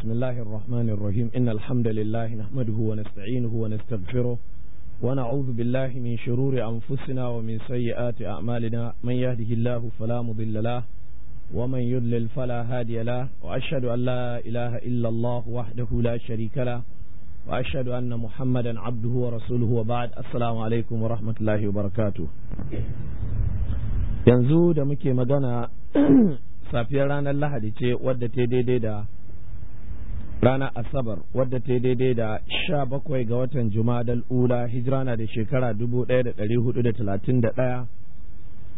بسم الله الرحمن الرحيم إن الحمد لله نحمده ونستعينه ونستغفره ونعوذ بالله من شرور أنفسنا ومن سيئات أعمالنا من يهده الله فلا مضل له ومن يضلل فلا هادي له وأشهد أن لا إله إلا الله وحده لا شريك له وأشهد أن محمدا عبده ورسوله وبعد السلام عليكم ورحمة الله وبركاته yanzu da muke magana safiyar ranar lahadi ce wadda ta daidai da rana asabar wadda ta daidai da sha bakwai ga watan jumadal ula hijira na da shekara dubu daya da dari hudu da talatin da daya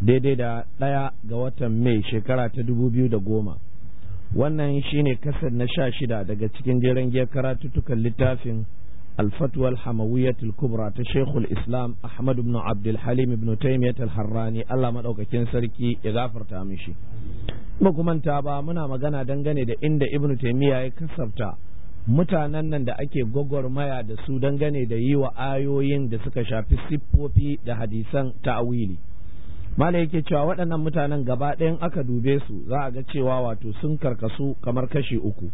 daidai da daya ga watan mai shekara ta dubu biyu da goma wannan shine kasar na sha shida daga cikin jeren giyar karatuttukan littafin الفتوى الحموية tilkubra ta shekul islam بن ibn abdul halim ibn الحراني harrani allah maɗaukakin sarki ya gafarta mishi ba manta ba muna magana dangane da inda ibnu taimiyya ya kasafta mutanen nan da ake gwagwarmaya da su dangane da yi wa ayoyin da suka shafi siffofi da hadisan ta'awili mala yake cewa waɗannan mutanen gaba ɗayan aka dube su za a ga cewa wato sun karkasu kamar kashi uku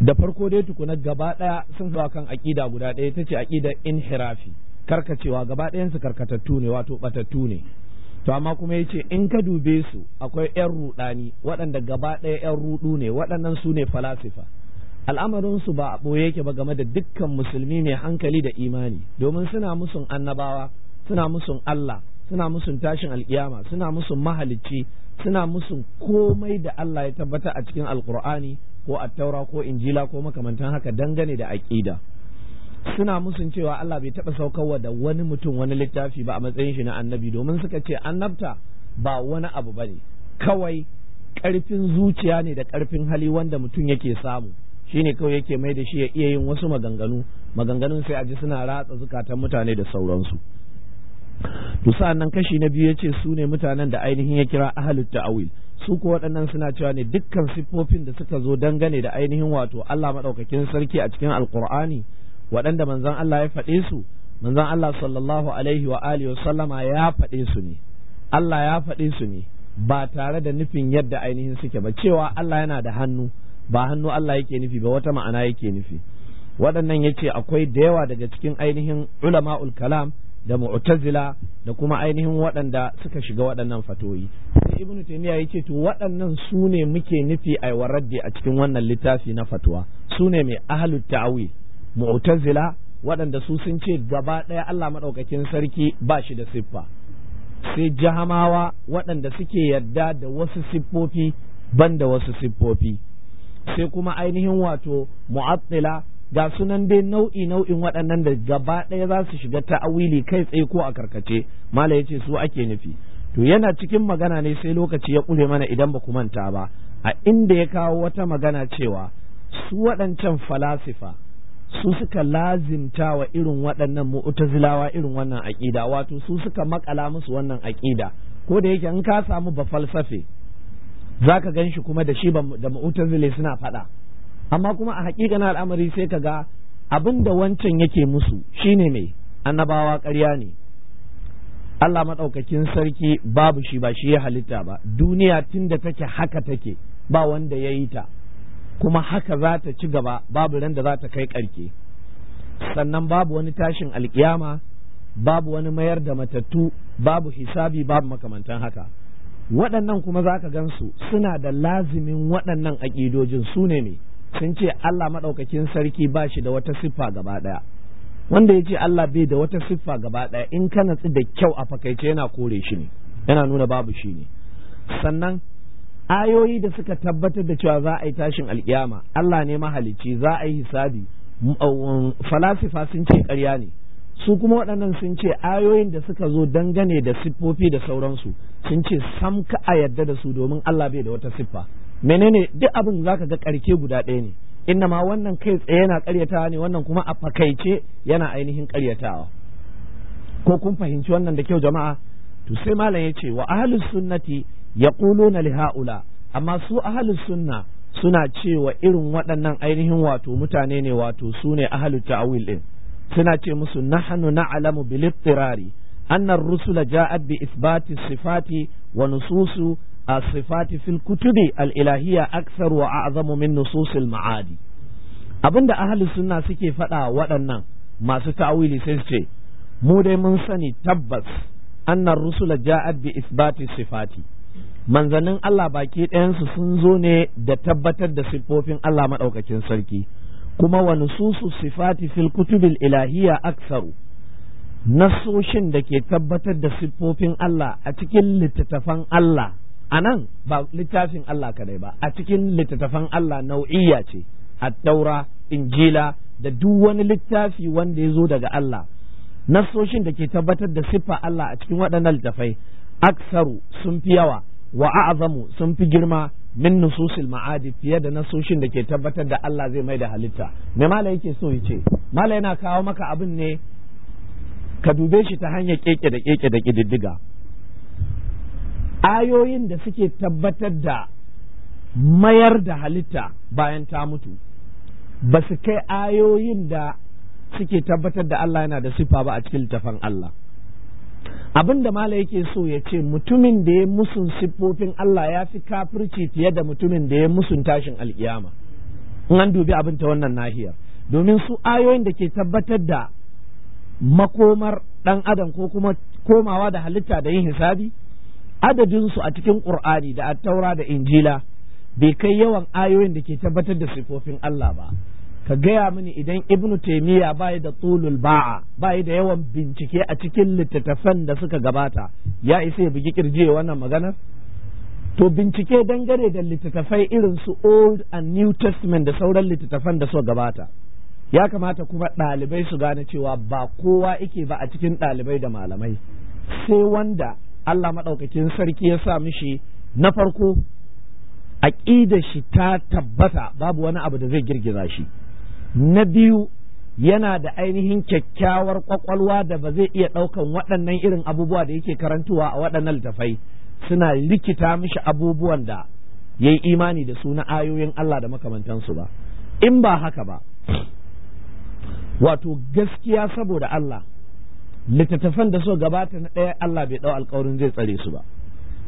da farko dai tukuna gaba ɗaya sun zuwa kan aƙida guda ɗaya ta ce aƙidar inhirafi karkacewa gaba su karkatattu ne wato ɓatattu ne to amma kuma ya ce in ka dube su akwai 'yan rudani waɗanda gaba ɗaya 'yan rudu ne waɗannan su ne falasifa Al'amarin su ba a ɓoye yake ba game da dukkan musulmi mai hankali da imani domin suna musun annabawa suna musun Allah suna musun tashin alkiyama suna musun mahalicci suna musun komai da Allah ya tabbata a cikin alkur'ani ko taura ko injila ko makamantan haka dangane da aƙida. suna musun cewa Allah bai taɓa saukarwa da wani mutum wani littafi ba a matsayin shi na annabi domin suka ce annabta ba wani abu ba ne kawai ƙarfin zuciya ne da ƙarfin hali wanda mutum yake samu shi ne kawai yake mai da shi ya iya yin wasu maganganu maganganun sai a ji suna ratsa zukatan mutane da sauransu to nan kashi na biyu yace su ne mutanen da ainihin ya kira ahlut ta'awil su ko waɗannan suna cewa ne dukkan siffofin da suka zo dangane da ainihin wato Allah madaukakin sarki a cikin alqur'ani waɗanda manzon Allah ya faɗe su manzon Allah sallallahu alaihi wa alihi wa sallama ya faɗe su ne Allah ya faɗe su ne ba tare da nufin yadda ainihin suke ba cewa Allah yana da hannu ba hannu Allah yake nufi ba wata ma'ana yake nufi waɗannan ya ce akwai da yawa daga cikin ainihin ulama'ul kalam da mu'tazila da kuma ainihin waɗanda suka shiga waɗannan fatoyi sai ibnu taymiya yace to waɗannan su ne muke nufi ai waraddi a cikin wannan littafi na fatwa su ne mai ahlut ta'wil mu'tazila waɗanda su sun ce gaba ɗaya Allah maɗaukakin sarki ba shi da siffa sai jahamawa waɗanda suke yarda da wasu siffofi banda wasu siffofi sai kuma ainihin wato mu'attila ga sunan dai nau'i nau'in waɗannan da gaba ɗaya za su shiga ta'awili kai tsaye ko a karkace mala yace su ake nufi to yana cikin magana ne sai lokaci ya ƙure mana idan ba ku manta ba a inda ya kawo wata magana cewa su waɗancan falasifa su suka lazimta wa irin waɗannan mu'tazilawa irin wannan aƙida wato su suka makala musu wannan aƙida ko da yake in ka samu ba falsafe za ka gan shi kuma da shi da mu'tazile suna faɗa amma kuma a haƙiƙa na al'amari sai ka ga abin da wancan yake musu shine mai annabawa ƙarya ne Allah maɗaukakin sarki babu shi ba shi ya halitta ba duniya tun da take haka take ba wanda ya yi ta kuma haka za ta ci gaba babu randa da za ta kai ƙarke sannan babu wani tashin alkiyama babu wani mayar da matattu babu hisabi babu makamantan haka waɗannan kuma za ka gansu suna da lazimin waɗannan aƙidojin su ne sun ce Allah maɗaukakin sarki ba shi da wata siffa gaba ɗaya wanda ya ce Allah bai da wata siffa gaba ɗaya in ka natsu da kyau a fakaice yana kore shi ne yana nuna babu shi ne sannan ayoyi da suka tabbatar da cewa za a yi tashin alkiyama Allah ne mahalicci za a yi hisabi uh, um, falasifa sun ce ƙarya ne su kuma waɗannan sun ce ayoyin da suka zo dangane da siffofi da sauransu sun ce sam ka a yarda da su domin Allah bai da wata siffa menene duk abin ka ga ƙarke guda ɗaya ne inna ma wannan kai tsaye yana karyatawa ne wannan kuma a fakaice yana ainihin karyatawa. ko kun fahimci wannan da kyau jama'a to sai malam ya ce wa ahlus sunnati yaquluna li haula amma su ahlus sunna suna cewa irin waɗannan ainihin wato mutane ne wato su ne ahalu ta'awil din suna ce musu nahnu na alamu ittirari anna ar-rusula ja'at bi ithbati sifati wa nususu as-sifati fil kutubi al-ilahiyya akthar azamumin a'zamu min nususil ma'adi abinda ahlus sunna suke faɗa waɗannan masu ta'awili sai su ce mu dai mun sani tabbas anna ar-rusula ja'at bi ithbati sifati manzannin Allah baki ɗayansu sun zo ne da tabbatar da siffofin Allah maɗaukakin sarki kuma wani susu sifati fil kutubil ilahiyya aksaru nasoshin da ke tabbatar da siffofin Allah a cikin littattafan Allah a nan ba littafin Allah kadai ba a cikin littattafan Allah nau'iyya ce at-taura injila da duk wani littafi wanda ya zo daga Allah Nasoshin da ke tabbatar da siffa Allah a cikin waɗannan littafai aksaru sun fi yawa wa a'zamu sun fi girma min nususil ma'adi fiye da nasoshin da ke tabbatar da Allah zai mai da halitta me mala yake so ya ce mala yana kawo maka abin ne ka dube shi ta hanyar keke da keke da kididdiga ayoyin da suke tabbatar da mayar da halitta bayan ta mutu ba su kai ayoyin da suke tabbatar da Allah yana da sifa ba a cikin littafin Allah abin da mala yake so ya ce mutumin da ya musun siffofin Allah ya fi kafirci fiye da mutumin da ya musun tashin alkiyama in an dubi abin ta wannan nahiyar domin su ayoyin da ke tabbatar da makomar ɗan adam ko kuma komawa da halitta da yin hisabi adadinsu a cikin ƙur'ani da attaura da injila bai kai yawan ayoyin da ke tabbatar da siffofin Allah ba ka gaya mini idan ibn taimiyya bai da tulul ba'a bai da yawan bincike a cikin littattafan da suka gabata ya isa ya bugi kirje wannan magana to bincike dangare da littattafai irin su old and new testament da sauran littattafan da suka gabata ya kamata kuma ɗalibai su gane cewa ba kowa yake ba a cikin ɗalibai da malamai sai wanda Allah maɗaukakin sarki ya sa mishi na farko aƙidar shi ta tabbata babu wani abu da zai girgiza shi na biyu yana da ainihin kyakkyawar kwakwalwa da ba zai iya ɗaukan waɗannan irin abubuwa da yake karantuwa a waɗannan littafai suna likita mishi abubuwan da ya yi imani da su na ayoyin Allah da makamantansu ba in ba haka ba wato gaskiya saboda Allah littattafan da so gabata na ɗaya Allah bai ɗau alkawarin zai tsare su ba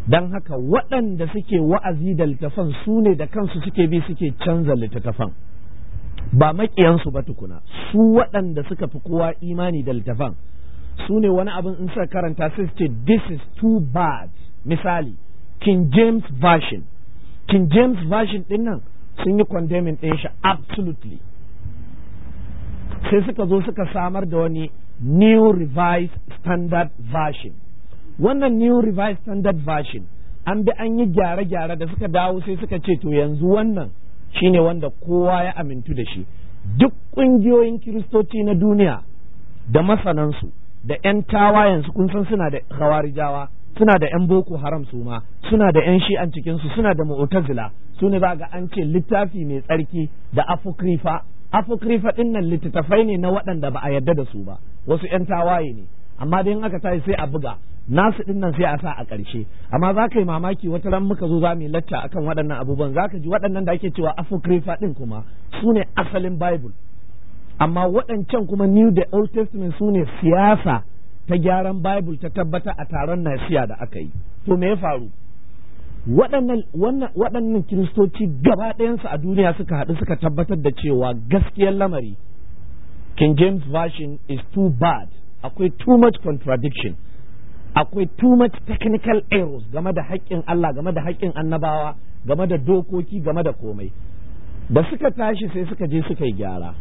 don haka waɗanda suke wa'azi da littattafan su ne da kansu suke bi suke canza littattafan ba makiyansu ba tukuna su waɗanda suka fi kowa imani da littafan su ne wani abin in suka karanta sai ce this is too bad misali King James version King James version din nan sun yi condemning ɗin shi absolutely sai suka zo suka samar da wani new revised standard version wannan new revised standard version an bi an yi gyare-gyare da suka dawo sai suka ce to yanzu wannan shine wanda kowa ya amintu da shi duk ƙungiyoyin kiristoci na duniya da masanansu da 'yan tawayensu kun san suna da khawarijawa suna da 'yan boko haram su ma suna da 'yan shi'an cikinsu suna da mu'tazila su ne ba ga an ce littafi mai tsarki da afukrifa afukrifa din nan littattafai ne na waɗanda ba a yarda da su ba wasu 'yan tawaye ne amma dai in aka tashi sai a buga nasu din nan sai a sa a ƙarshe amma za ka yi mamaki wata ran muka zo za mu yi lacca akan waɗannan abubuwan za ka ji waɗannan da ake cewa apocrypha din kuma su ne asalin bible amma waɗancan kuma new the old testament su ne siyasa ta gyaran bible ta tabbata a taron nasiya da aka yi to me ya faru waɗannan kiristoci gaba ɗayansu a duniya suka haɗu suka tabbatar da cewa gaskiyar lamari king james version is too bad akwai too much contradiction akwai too much technical errors game da haƙƙin Allah game da haƙƙin annabawa game da dokoki game da komai da suka tashi sai suka je suka yi gyara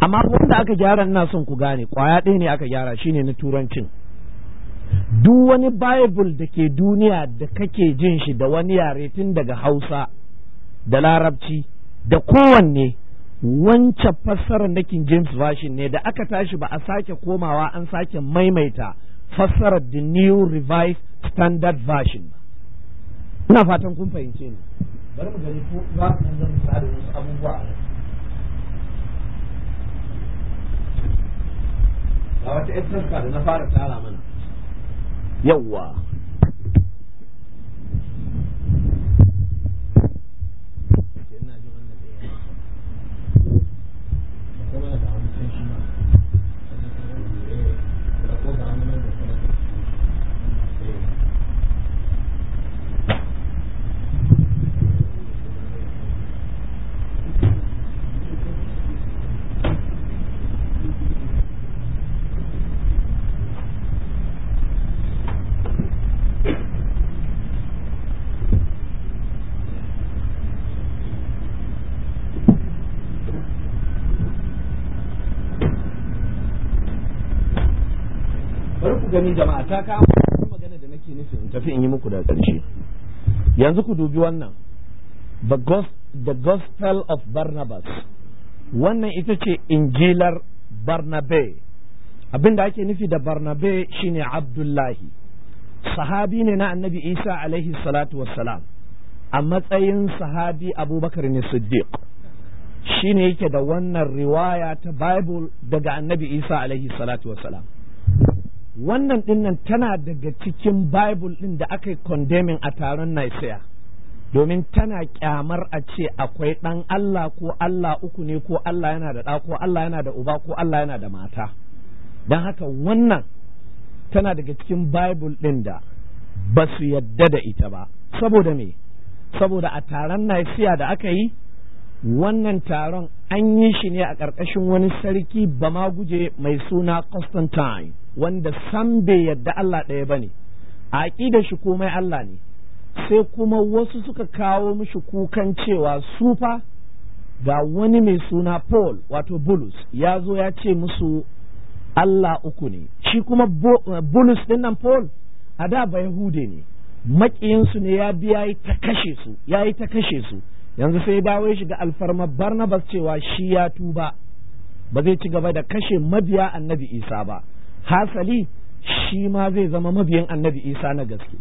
amma wanda aka gyara ina son ku gane kwaya ɗaya ne aka gyara shine na turancin duk wani bible da ke duniya da kake jin shi da wani yare tun daga hausa da larabci da kowanne wancan fassarar nakin james version ne da aka tashi ba a sake komawa an sake maimaita fassarar the new revised standard version ina fatan kun fahimce ni bari mu gani ko ba mu zan misalin wasu abubuwa ga wata ƴan da na fara tara mana yawwa ta magana da nake in tafi in muku da yanzu ku dubi wannan the gospel of barnabas wannan ita ce injilar barnabe abin da ake nufi da barnabe shine abdullahi sahabi ne na annabi isa alaihi salatu wassalam a matsayin sahabi abubakar ne siddiq shine yake da wannan riwaya ta bible daga annabi isa alaihi salatu wassalam wannan dinnan tana daga cikin bible din da aka yi condemning a taron Nicaea domin tana kyamar a ce akwai ɗan Allah ko Allah uku ne ko Allah yana da ɗa ko Allah yana da uba ko Allah yana da mata don haka wannan tana daga cikin bible din da ba su yadda da ita ba saboda me saboda a taron Nicaea da aka yi wannan taron an yi shi ne a ƙarƙashin wani sarki ba ma guje mai suna Constantine wanda san bai yadda Allah ɗaya ba ne a aƙidar shi komai Allah ne sai kuma wasu suka kawo mishi kukan cewa sufa da ga wani mai suna Paul wato Bulus ya zo ya ce musu Allah uku ne shi kuma eh, Bulus ɗin nan Paul a da ba Yahude ne maƙiyinsu ne ya biya yi ta kashe su ya yi ta kashe su yanzu sai dawo shi ga alfarma Barnabas cewa shi ya tuba ba zai ci gaba da kashe mabiya annabi Isa ba hasali shi ma zai zama mabiyan annabi isa na gaske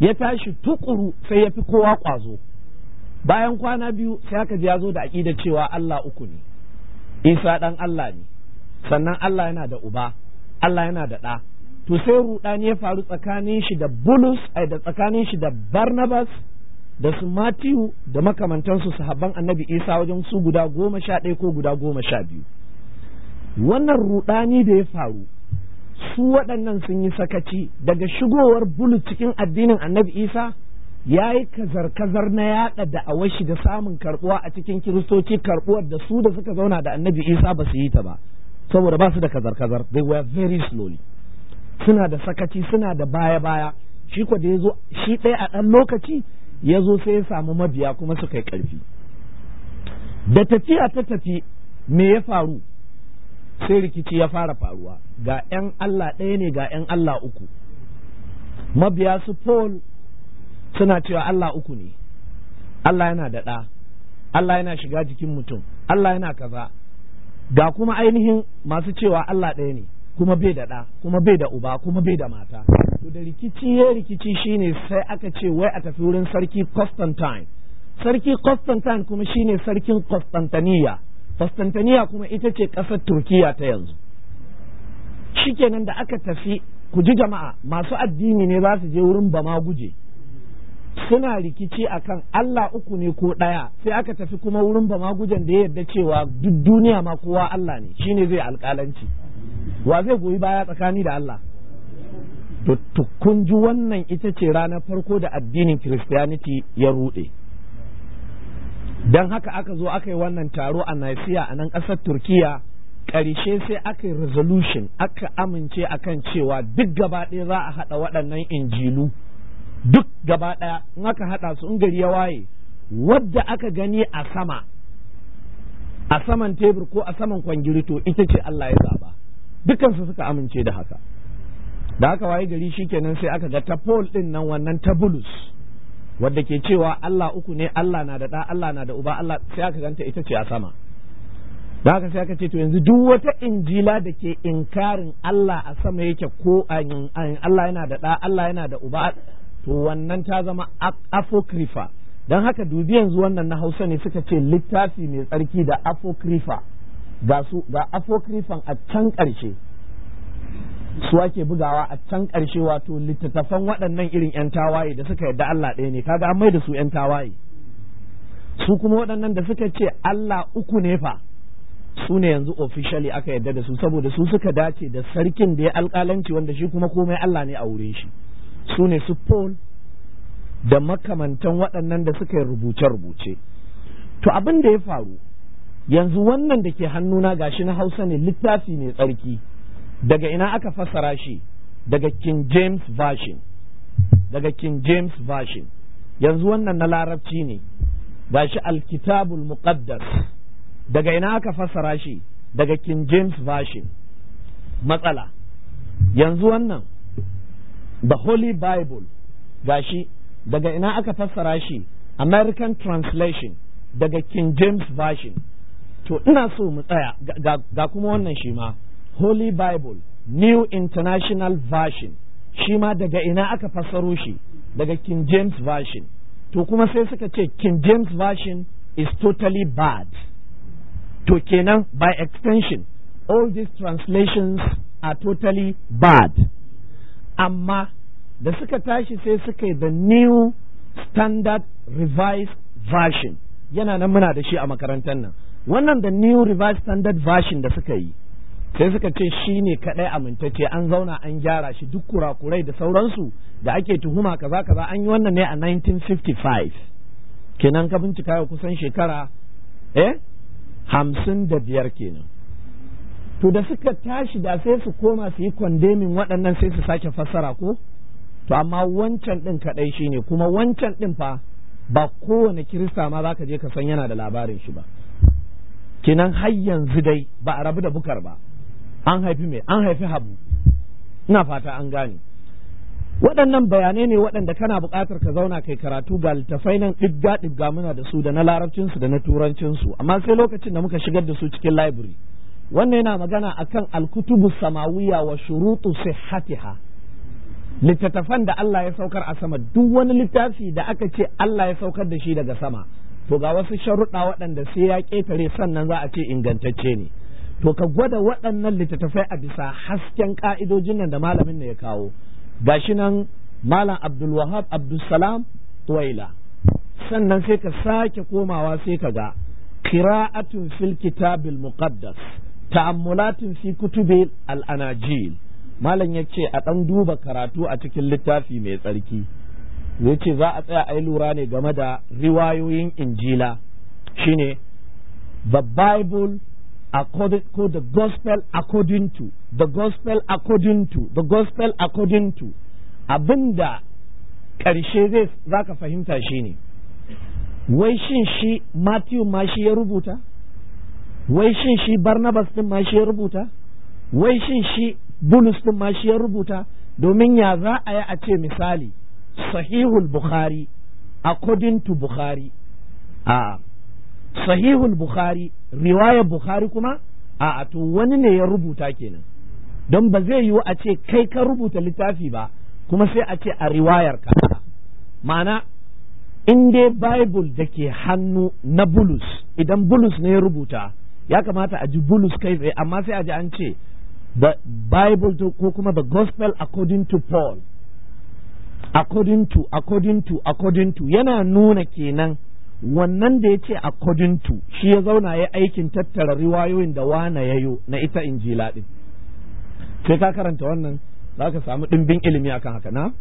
ya tashi tukuru sai ya fi kowa kwazo bayan kwana biyu sai aka ji ya zo da aƙidar cewa Allah uku ne isa ɗan Allah ne sannan Allah yana da uba Allah yana da ɗa to sai ruɗani ya faru tsakanin shi da bulus ai da tsakanin shi da barnabas da su matiyu da makamantansu su habban annabi isa wajen su guda goma sha ɗaya ko guda goma sha biyu wannan rudani da ya faru su waɗannan sun yi sakaci daga shigowar bulu cikin addinin annabi isa ya yi kazar-kazar na yaɗa da awashi da samun karɓuwa a cikin kiristoci karɓuwar da su da suka zauna da annabi isa ba su yi ta ba saboda ba su da kazar-kazar they were very slowly suna da sakaci suna da baya-baya shi kwa da ya zo shi ɗaya a ɗan lokaci ya zo sai ya samu mabiya kuma suka yi ƙarfi da tafiya ta tafi me ya faru sai rikici ya fara faruwa ga 'yan Allah ɗaya ne ga 'yan Allah uku mabiya su Paul suna cewa Allah uku ne Allah yana da ɗa Allah yana shiga jikin mutum Allah yana kaza ga kuma ainihin masu cewa Allah ɗaya ne kuma bai da ɗa kuma bai da uba kuma bai da mata to da rikici ya rikici shine sai aka ce wai a tafi wurin sarki Constantine sarki Constantine kuma shine sarkin Constantinia Constantinople kuma ita ce ƙasar Turkiya ta yanzu shikenan da aka tafi ku ji jama'a masu addini ne za su je wurin bama guje suna rikici akan Allah uku ne ko ɗaya sai aka tafi kuma wurin bama gujen da ya yarda cewa duk duniya ma kowa Allah ne shine zai alƙalanci wa zai goyi baya tsakani da Allah to kun ji wannan ita ce ranar farko da addinin Christianity ya ruɗe. don haka aka zo aka yi wannan taro a Nasiya a nan ƙasar Turkiya ƙarshe sai aka yi resolution aka amince a kan cewa duk gaba ɗaya za a haɗa waɗannan injilu duk gaba ɗaya in aka haɗa su in gari ya waye wadda aka gani a sama a saman tebur ko a saman kwangiri to ita ce Allah ya zaba dukansu suka amince da haka da haka waye gari shi shikenan sai aka ga ta pole ɗin nan wannan ta bulus wadda ke cewa Allah uku ne Allah na da ɗa Allah na da uba Allah sai aka ganta ita ce a sama da aka sai aka ce to yanzu duk wata injila da ke inkarin Allah a sama yake ko Allah yana da ɗa Allah yana da uba to wannan ta zama apocrypha don haka dubi yanzu wannan na Hausa ne suka ce littafi mai tsarki da apocrypha ga su ga apocryphan a can ƙarshe su ake bugawa a can ƙarshe wato littattafan waɗannan irin 'yan tawaye da suka yadda Allah ɗaya ne kaga an mai da su 'yan tawaye su kuma waɗannan da suka ce Allah uku ne fa su ne yanzu officially aka yadda da su saboda su suka dace da sarkin da ya alƙalanci wanda shi kuma komai Allah ne a wurin shi su ne su Paul da makamantan waɗannan da suka yi rubuce-rubuce to abin da ya faru yanzu wannan da ke hannuna gashi na Hausa ne littafi ne tsarki daga ina aka fassara shi daga King James Version daga King James Version yanzu wannan na larabci ne gashi alkitabul muqaddas daga ina aka fassara shi daga King James Version matsala yanzu wannan the Holy Bible gashi daga ina aka fassara shi American translation daga King James Version to ina so mu tsaya ga kuma wannan shi ma Holy Bible New International Version shi ma daga ina aka fassaro shi daga King James Version to kuma sai suka ce King James Version is totally bad to kenan by extension all these translations are totally bad amma da suka tashi sai suka yi the new standard revised version yana nan muna da shi a makarantar nan wannan da new revised standard version da suka yi sai suka ce shi ne kaɗai amintacce an zauna an gyara shi duk kurakurai da sauransu da ake tuhuma kaza kaza an yi wannan ne a 1955 kenan ka bincika ya kusan shekara eh hamsin da biyar kenan to da suka tashi da sai su koma su yi kwandemin waɗannan sai su sake fassara ko to amma wancan ɗin kaɗai shi ne kuma wancan ɗin fa ba kowane kirista ma za ka je ka san yana da labarin shi ba Kinan har yanzu dai ba a rabu da bukar ba an haifi mai an haifi habu ina fata an gane waɗannan bayanai ne waɗanda kana buƙatar ka zauna kai karatu ga littafai nan ɗigga ɗigga muna da su da na larabcinsu da na turancinsu amma sai lokacin da muka shigar da su cikin library wannan yana magana akan alkutubu samawiya wa shurutu sihhatiha littattafan da Allah ya saukar a sama duk wani littafi da aka ce Allah ya saukar da shi daga sama to ga wasu sharuɗa waɗanda sai ya ƙetare sannan za a ce ingantacce ne to ka gwada waɗannan littattafai a bisa hasken ka'idojin nan da malamin ne ya kawo ba shi nan malam abdulwahab abdulsalam Waila sannan sai ka sake komawa sai ka ga qira'atun fil kitabil muqaddas ta'ammulatun fi kutubil al-anajil malam ya ce a ɗan duba karatu a cikin littafi mai tsarki ya ce za a tsaya a yi lura ne game da riwayoyin injila shine the bible according to the gospel according to the gospel according to the gospel according to abinda karshe zai za ka fahimta shi ne wai shin shi Matthew ma shi ya rubuta wai shin shi Barnabas din ma shi ya rubuta wai shin shi Bulus din ma shi ya rubuta domin ya za a yi a ce misali sahihul Bukhari according to Bukhari a ah. sahihul bukhari riwayar bukhari kuma a to wani ne ya rubuta kenan don ba zai yiwu a ce kai ka rubuta littafi ba kuma sai a ce a riwayar ka ma'ana in dai bible da ke hannu na bulus idan bulus ne ya rubuta ya kamata a ji bulus kai tsaye amma sai a ji an ce the bible to ko kuma the gospel according to paul according to according to according to yana nuna kenan wannan da ya ce according to shi ya zauna ya aikin tattara riwayoyin da wana yayo na ita injila din sai ka karanta wannan za ka samu ɗimbin ilimi akan haka na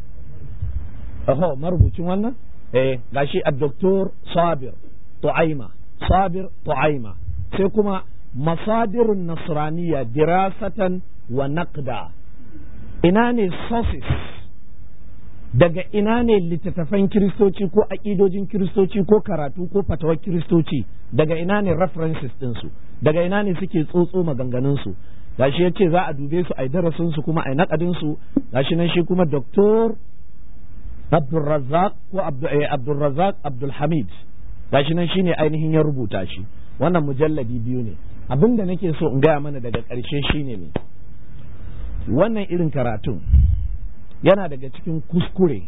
aho marubucin wannan eh gashi a doktor sabir tu'aima sabir tu'aima sai kuma masadirun nasraniya dirasatan wa naqda ina ne sources daga ina ne littattafan kiristoci ko aƙidojin kiristoci ko karatu ko fatawar kiristoci daga ina ne references ɗinsu daga ina ne suke tsotso maganganunsu gashi ya ce za a dube su a darasin su kuma a naƙadin su gashi nan shi kuma doktor abdulrazak ko eh, abdulrazak abdulhamid gashi nan ne ainihin ya rubuta shi wannan mujalladi biyu ne abin da nake so in gaya mana daga ƙarshe shine ne wannan irin karatun yana daga cikin kuskure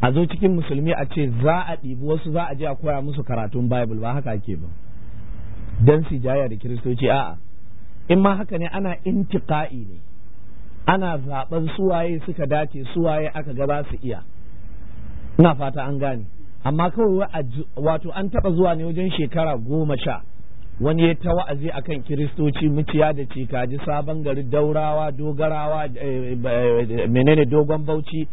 a zo cikin musulmi a ce za a ɗibi wasu za a je a koya musu karatun bible ba haka ake ba don su jaya da kiristoci a'a in ma haka ne ana intiƙa'i ne ana zaben suwaye suka dace suwaye aka gaba su iya ina fata an gane amma kawai wato an taɓa zuwa ne wajen shekara goma sha wani ya ta wa'azi a kan kiristoci muciya da cikaji sabon gari daurawa dogarawa eh, menene dogon bauchi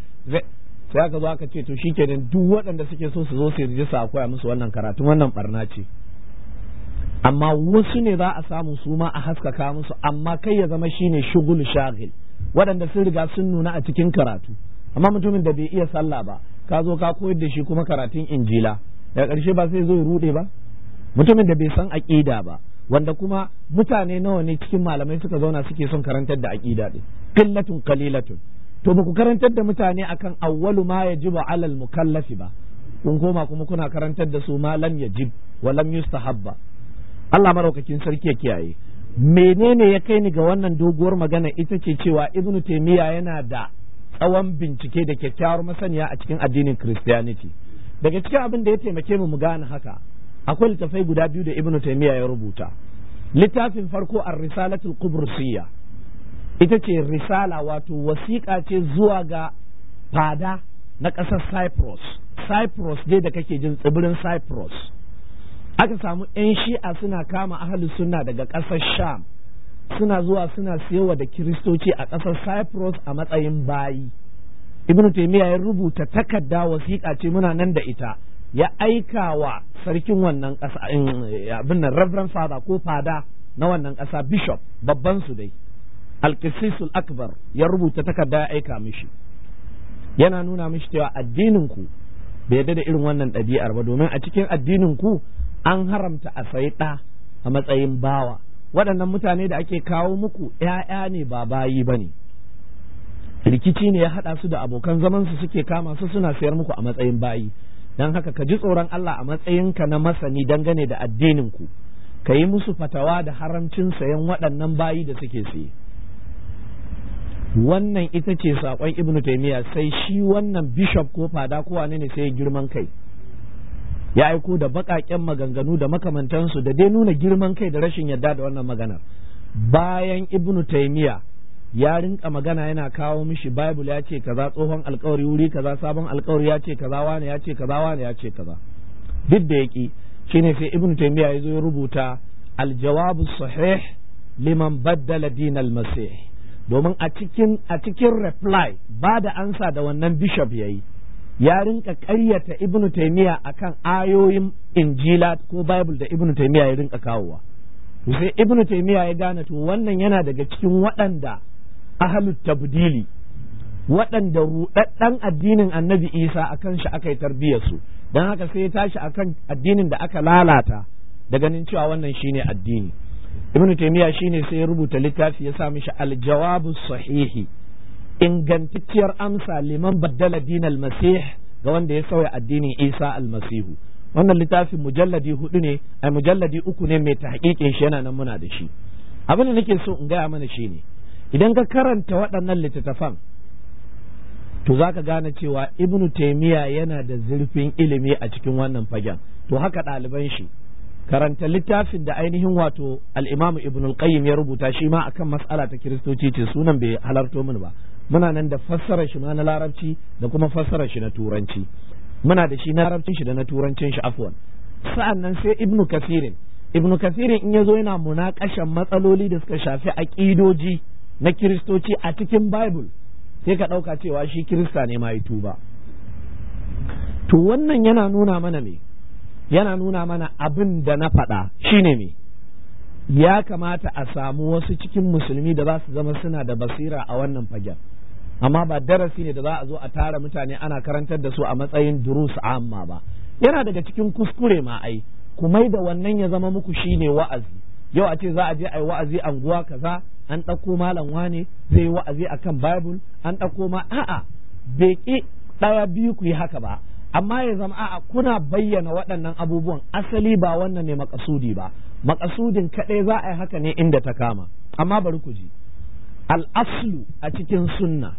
sai aka zo aka ce to shi kenan duk waɗanda suke so su zo su yi a koya musu wannan karatun wannan barna ce amma wasu ne za a samu su ma a haskaka musu amma kai ya zama shine shugul shagil waɗanda sun riga sun nuna a cikin karatu amma mutumin da bai iya sallah ba ka zo ka koyar da shi kuma karatun injila daga karshe ba sai zo ya rude ba mutumin da bai san aƙida ba wanda kuma mutane nawa ne cikin malamai suka zauna suke son karantar da aƙida ɗin qillatun qalilatun to ba ku karantar da mutane akan awwalu ma yajibu alal mukallafi ba kun koma kuma kuna karantar da su ma lam yajib wa lam yustahabba Allah maraukakin sarki ya kiyaye menene ya kai ni ga wannan doguwar magana ita ce cewa ibnu taymiya yana da tsawon bincike da kyakkyawar masaniya a cikin addinin christianity daga cikin abin da ya taimake mu mu gane haka akwai littafai guda biyu da ibnu taimiyya ya rubuta littafin farko ar-risalatul qubrusiyya ita ce risala wato wasiƙa ce zuwa ga fada na ƙasar Cyprus Cyprus dai da kake jin tsibirin Cyprus aka samu 'yan shi'a suna kama ahli sunna daga ƙasar Sham suna zuwa suna siyowa da kiristoci a ƙasar Cyprus a matsayin bayi Ibn taimiyya ya rubuta takarda wasiƙa ce muna nan da ita ya aika wa sarkin wannan ƙasa eh, abin nan reverend father ko fada na wannan ƙasa bishop babban su dai alkisisul akbar ya rubuta takarda ya aika mishi yana nuna mishi cewa addinin ku bai yarda da irin wannan ɗabi'ar ba domin a cikin addinin ku an haramta a sayi ɗa a matsayin bawa waɗannan mutane da ake kawo muku ƴaƴa ne ba bayi ba ne rikici ne ya haɗa su da abokan zaman su suke kama su suna sayar muku a matsayin bayi dan haka ka ji tsoron Allah a matsayinka na masani dangane da addinin ku ka yi musu fatawa da haramcin sayan waɗannan bayi da suke siye wannan ita ce saƙon ibn taimiyya sai shi wannan bishop ko fada ko wane ne sai girman kai ya aiko da baƙaƙen maganganu da makamantansu da dai nuna girman kai da rashin yadda da wannan maganar bayan ibn taimiyya ya rinka magana yana kawo mishi bible ya ce kaza tsohon alkawari wuri kaza sabon alkawari ya ce kaza wane ya ce kaza wane ya ce kaza duk da yaki shine sai ibnu taymiya ya zo ya rubuta aljawabu sahih liman baddala dinal masih domin a cikin a cikin reply ba da ansa da wannan bishop yayi ya rinka ƙaryata ibnu taymiya akan ayoyin injila ko bible da ibnu taymiya ya rinka kawowa sai ibnu taymiya ya gane to wannan yana daga cikin waɗanda ahlut tabdili waɗanda ruɗaɗɗen addinin annabi isa akan shi aka yi tarbiyyarsu don haka sai ya tashi akan addinin da aka lalata da ganin cewa wannan shine addini ibnu taymiya shine sai ya rubuta littafi ya sa mishi aljawabu sahihi ingantacciyar amsa liman baddala dinal masih ga wanda ya sauya addinin isa almasihu wannan littafin mujalladi hudu ne ai mujalladi uku ne mai tahqiqin shi yana nan muna da shi abin da nake so in gaya mana shine idan ka karanta waɗannan littattafan to za ka gane cewa ibnu taimiyya yana da zurfin ilimi a cikin wannan fagen to haka ɗaliban shi karanta littafin da ainihin wato al'imamu ibn al ya rubuta shi ma akan mas'ala ta kiristoci ce sunan bai halarto mini ba muna nan da fassara shi ma na larabci da kuma fassara shi na turanci muna da shi na larabcin shi da na turancin shi afwan nan sai ibnu kasirin ibnu kasirin in ya zo yana munakashan matsaloli da suka shafi aƙidoji na kiristoci a cikin bible sai ka ɗauka cewa shi kirista ne ma yi tuba to wannan yana nuna mana me yana nuna mana abin da na faɗa shine me ya kamata a samu wasu cikin musulmi da za su zama suna da basira a wannan fagen amma ba darasi ne da za a zo a tara mutane ana karantar da su a matsayin durus amma ba yana daga cikin kuskure ma ai ku da wannan ya zama muku shi ne wa'azi yau a ce za a je a yi wa'azi anguwa kaza an ɗauko malam wane zai yi wa'azi a kan bible an ɗauko ma a'a bai ƙi ɗaya biyu ku yi haka ba amma ya zama a'a kuna bayyana waɗannan abubuwan asali ba wannan ne makasudi ba makasudin kaɗai za a yi haka ne inda ta kama amma bari ku ji al'aslu a cikin sunna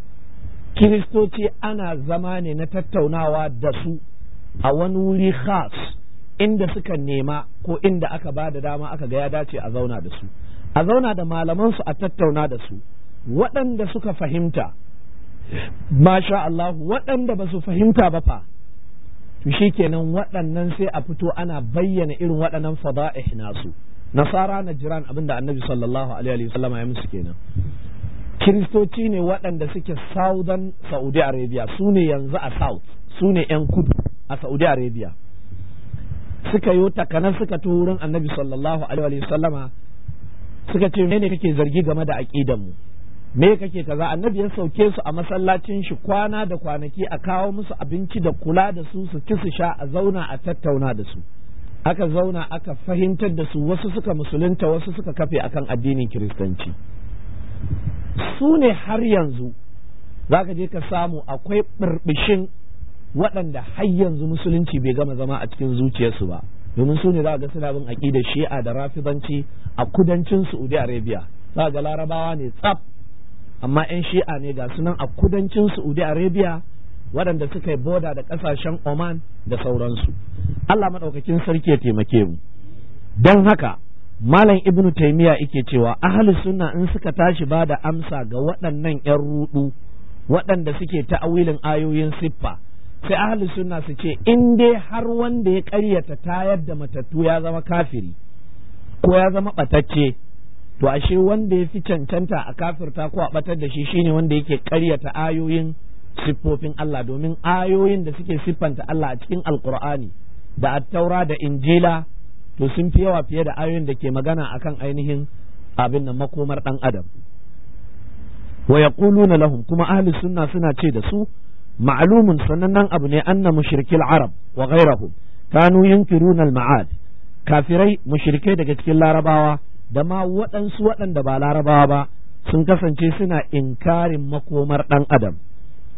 kiristoci ana zama ne na tattaunawa da su a wani wuri khas inda suka nema ko inda aka ba da dama aka ga ya dace a zauna da su a zauna da malamansu a tattauna da su waɗanda suka fahimta masha Allah waɗanda ba su fahimta ba fa to shi waɗannan sai a fito ana bayyana irin waɗannan fada'ih nasu nasara na jiran abinda annabi sallallahu alaihi wa sallama ya musu kenan kiristoci ne waɗanda suke southern saudi arabia su ne yanzu a south su ne 'yan kudu a saudi arabia suka yi takanan suka to wurin annabi sallallahu alaihi wa sallama. suka ce mene kake zargi game da aqidan mu me kake kaza annabi ya sauke su a masallacin shi kwana da kwanaki a kawo musu abinci da kula da su su ci su sha a zauna a tattauna da su aka zauna aka fahimtar da su wasu suka musulunta wasu suka kafe akan addinin kiristanci su ne har yanzu zaka je ka samu akwai birbishin waɗanda har yanzu musulunci bai gama zama a cikin zuciyarsu ba domin su ne za ga suna bin aƙidar shi'a da rafizanci a kudancin saudi arabia za ga larabawa ne tsaf amma 'yan shi'a ne ga sunan a kudancin saudi arabia waɗanda suka yi boda da ƙasashen oman da sauransu allah maɗaukakin sarki ya taimake mu don haka malam ibn taimiyya yake cewa ahli sunna in suka tashi ba da amsa ga waɗannan 'yan rudu waɗanda suke ta'awilin ayoyin siffa sai ahli sunna su ce in dai har wanda ya ƙaryata tayar da matattu ya zama kafiri ko ya zama batacce to ashe wanda ya fi cancanta a kafirta ko a batar da shi shine wanda yake karyata ayoyin siffofin Allah domin ayoyin da suke siffanta Allah a cikin alkur'ani da attaura da injila to sun fi yawa fiye da ayoyin da ke magana a kan ainihin abin da makomar dan adam wa yaquluna lahum kuma ahli sunna suna ce da su ma'lumun sannan abu ne anna mushrikil arab wa ghayrahum kanu yunkiruna al ma'ad kafirai mushrikai daga cikin larabawa da ma waɗansu waɗanda ba larabawa ba sun kasance suna inkarin makomar ɗan adam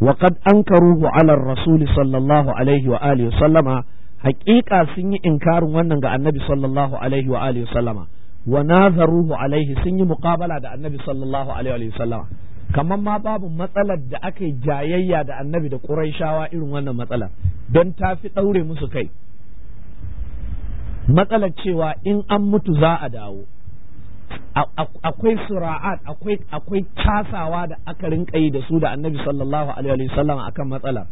waƙad an karuhu alar rasuli sallallahu alaihi wa alihi sallama haƙiƙa sun yi inkarin wannan ga annabi sallallahu alaihi wa alihi sallama wa nazaruhu alaihi sun yi muƙabala da annabi sallallahu alaihi wa alihi sallama kamar ma babu matsalar da aka yi jayayya da annabi da ƙurai irin wannan matsala don ta fi ɗaure musu kai matsalar cewa in an mutu za a dawo akwai sura'at akwai akwai tasawa da aka rinka yi da su da annabi sallallahu alaihi wasallam akan matsalar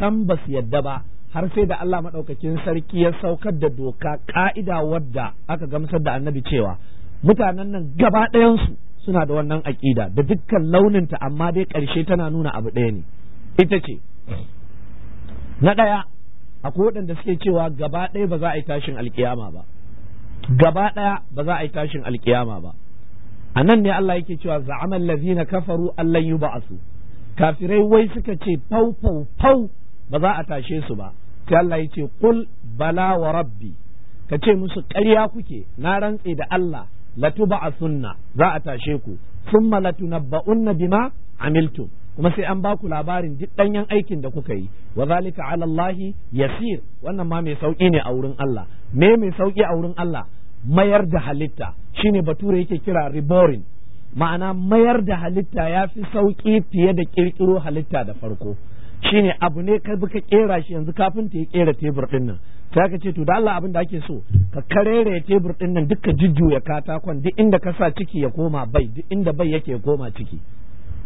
san ba su yadda ba har sai da Allah maɗaukakin sarki ya saukar da doka ka'ida wadda aka gamsar da annabi cewa mutanen nan gaba ɗayansu suna da wannan aƙida da dukkan launinta amma dai ƙarshe tana nuna abu ɗaya ne ita ce na ɗaya akwai waɗanda suke cewa gaba ɗaya ba za a yi tashin alkiyama ba gaba ɗaya ba za a yi tashin alkiyama ba a nan ne Allah yake cewa za'amal lazina kafaru allah yi ba'asu kafirai wai suka ce fau fau fau ba za a tashe su ba sai Allah ya ce kul bala wa rabbi ka ce musu ƙarya kuke na rantse da Allah latu ba'asunna za a tashe ku summa latunabba'unna bima amiltum kuma sai an ba ku labarin duk danyen aikin da kuka yi wa zalika ala Allah yasir wannan ma mai sauki ne a wurin Allah me mai sauki a wurin Allah mayar da halitta shine bature yake kira reborn ma'ana mayar da halitta ya fi sauki fiye da kirkiro halitta da farko shine abu ne ka ka kera shi yanzu kafin ta yi kera tebur din nan sai ka ce to da Allah abin da ake so ka karere tebur din nan duka jujjuya katakon duk inda ka sa ciki ya koma bai duk inda bai yake ya koma ciki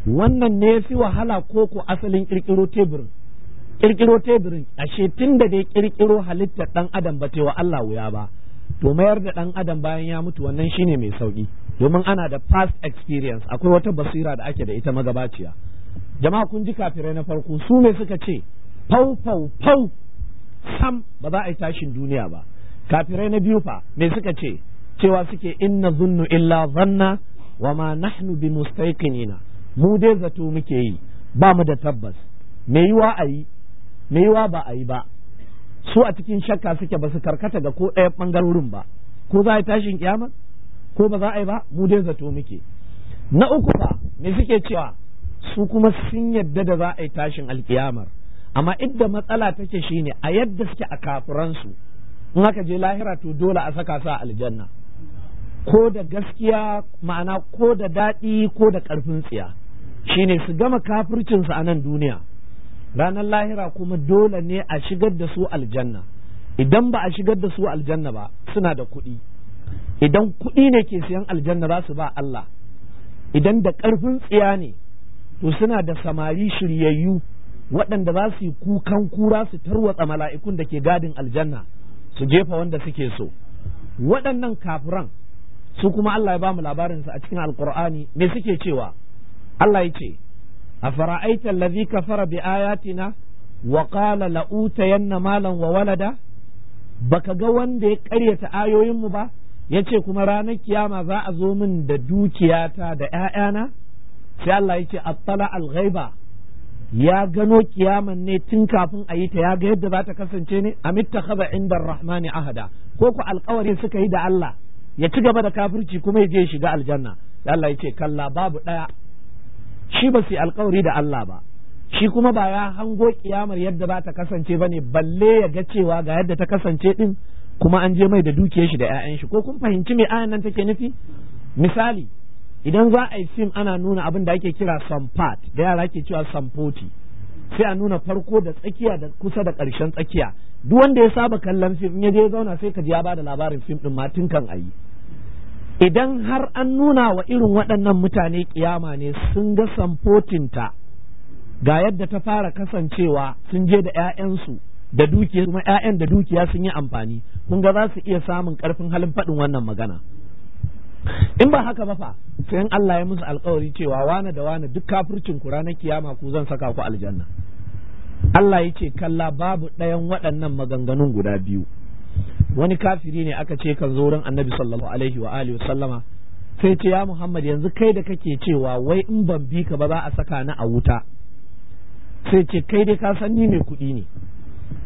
wannan ne fi wahala ko ku asalin kirkiro teburin kirkiro teburin ashe tun da dai kirkiro halittar dan adam ba wa Allah wuya ba to mayar da dan adam bayan ya mutu wannan shine mai sauki domin ana da past experience akwai wata basira da ake da ita magabaciya jama'a kun ji kafirai na farko su ne suka ce fau fau fau sam ba za a yi tashin duniya ba kafirai na biyu fa me suka ce cewa suke inna zunnu illa zanna wa ma nahnu bi mustaqinina. mu dai zato muke yi ba mu da tabbas me yiwa a yi me yiwa ba a yi ba su a cikin shakka suke ba su karkata ga ko ɗaya ɓangarorin ba ko za a yi tashin kiyama ko ba za a yi ba mu dai zato muke na uku fa me suke cewa su kuma sun yadda da za a yi tashin alkiyamar amma idda matsala take shine a yadda suke a kafiransu in aka je lahira to dole a saka sa aljanna ko da gaskiya ma'ana ko da daɗi ko da ƙarfin tsiya shine su gama kafircinsu a nan duniya ranar lahira kuma dole ne a shigar da su aljanna idan ba a shigar da su aljanna ba suna da kuɗi idan kuɗi ne ke siyan aljanna za su ba Allah idan da ƙarfin tsiya ne to suna da samari shiryayyu waɗanda za su yi kukan kura su tarwatsa mala'ikun da ke gadin aljanna su jefa wanda suke so waɗannan kafiran su kuma Allah ya ba mu labarinsa a cikin alkur'ani me suke cewa Allah ya ce a fara'aita ka fara bi ayatina wa ƙala la'uta yanna malan wa walada baka ga wanda ya ƙaryata ayoyinmu ba Ya ce kuma ranar kiyama za a zo min da dukiyata da ya'yana sai Allah ya yace attala al-ghaiba ya gano kiyaman ne tun kafin a yi ta ya ga yadda za ta kasance ne kaba inda rahmani ahada ko ku alƙawari suka yi da Allah ya ci gaba da kafirci kuma ya je shiga aljanna Allah ya ce kalla babu ɗaya shi ba su alkawari da Allah ba shi kuma ba ya hango kiyamar yadda ba ta kasance ba ne balle ya ga cewa ga yadda ta kasance din kuma an je mai da dukiyar shi da 'ya'yan shi ko kun fahimci me ayan nan take nufi misali idan za a yi fim ana nuna abin da ake kira sampat da yara ke cewa sampoti sai a nuna farko da tsakiya da kusa da ƙarshen tsakiya duk wanda ya saba kallon fim in ya je zauna sai ka ji ya bada labarin fim din ma tun kan yi. idan har an nuna wa irin waɗannan mutane kiyama ne sun ga samfotinta ga yadda ta fara kasancewa sun je da 'ya'yansu da dukiya kuma 'ya'yan da dukiya sun yi amfani kun ga za su iya samun ƙarfin halin faɗin wannan magana in ba haka ba fa sai in Allah ya musu alkawari cewa wane da wane duk kafircin ku ranar kiyama ku zan saka ku aljanna Allah ya ce kalla babu ɗayan waɗannan maganganun guda biyu wani kafiri ne aka ce kan zo annabi sallallahu alaihi wa alihi sallama sai ce ya muhammad yanzu kai da kake cewa wai in ban bi ka ba za a saka ni a wuta sai ce kai dai ka san ni mai kuɗi ne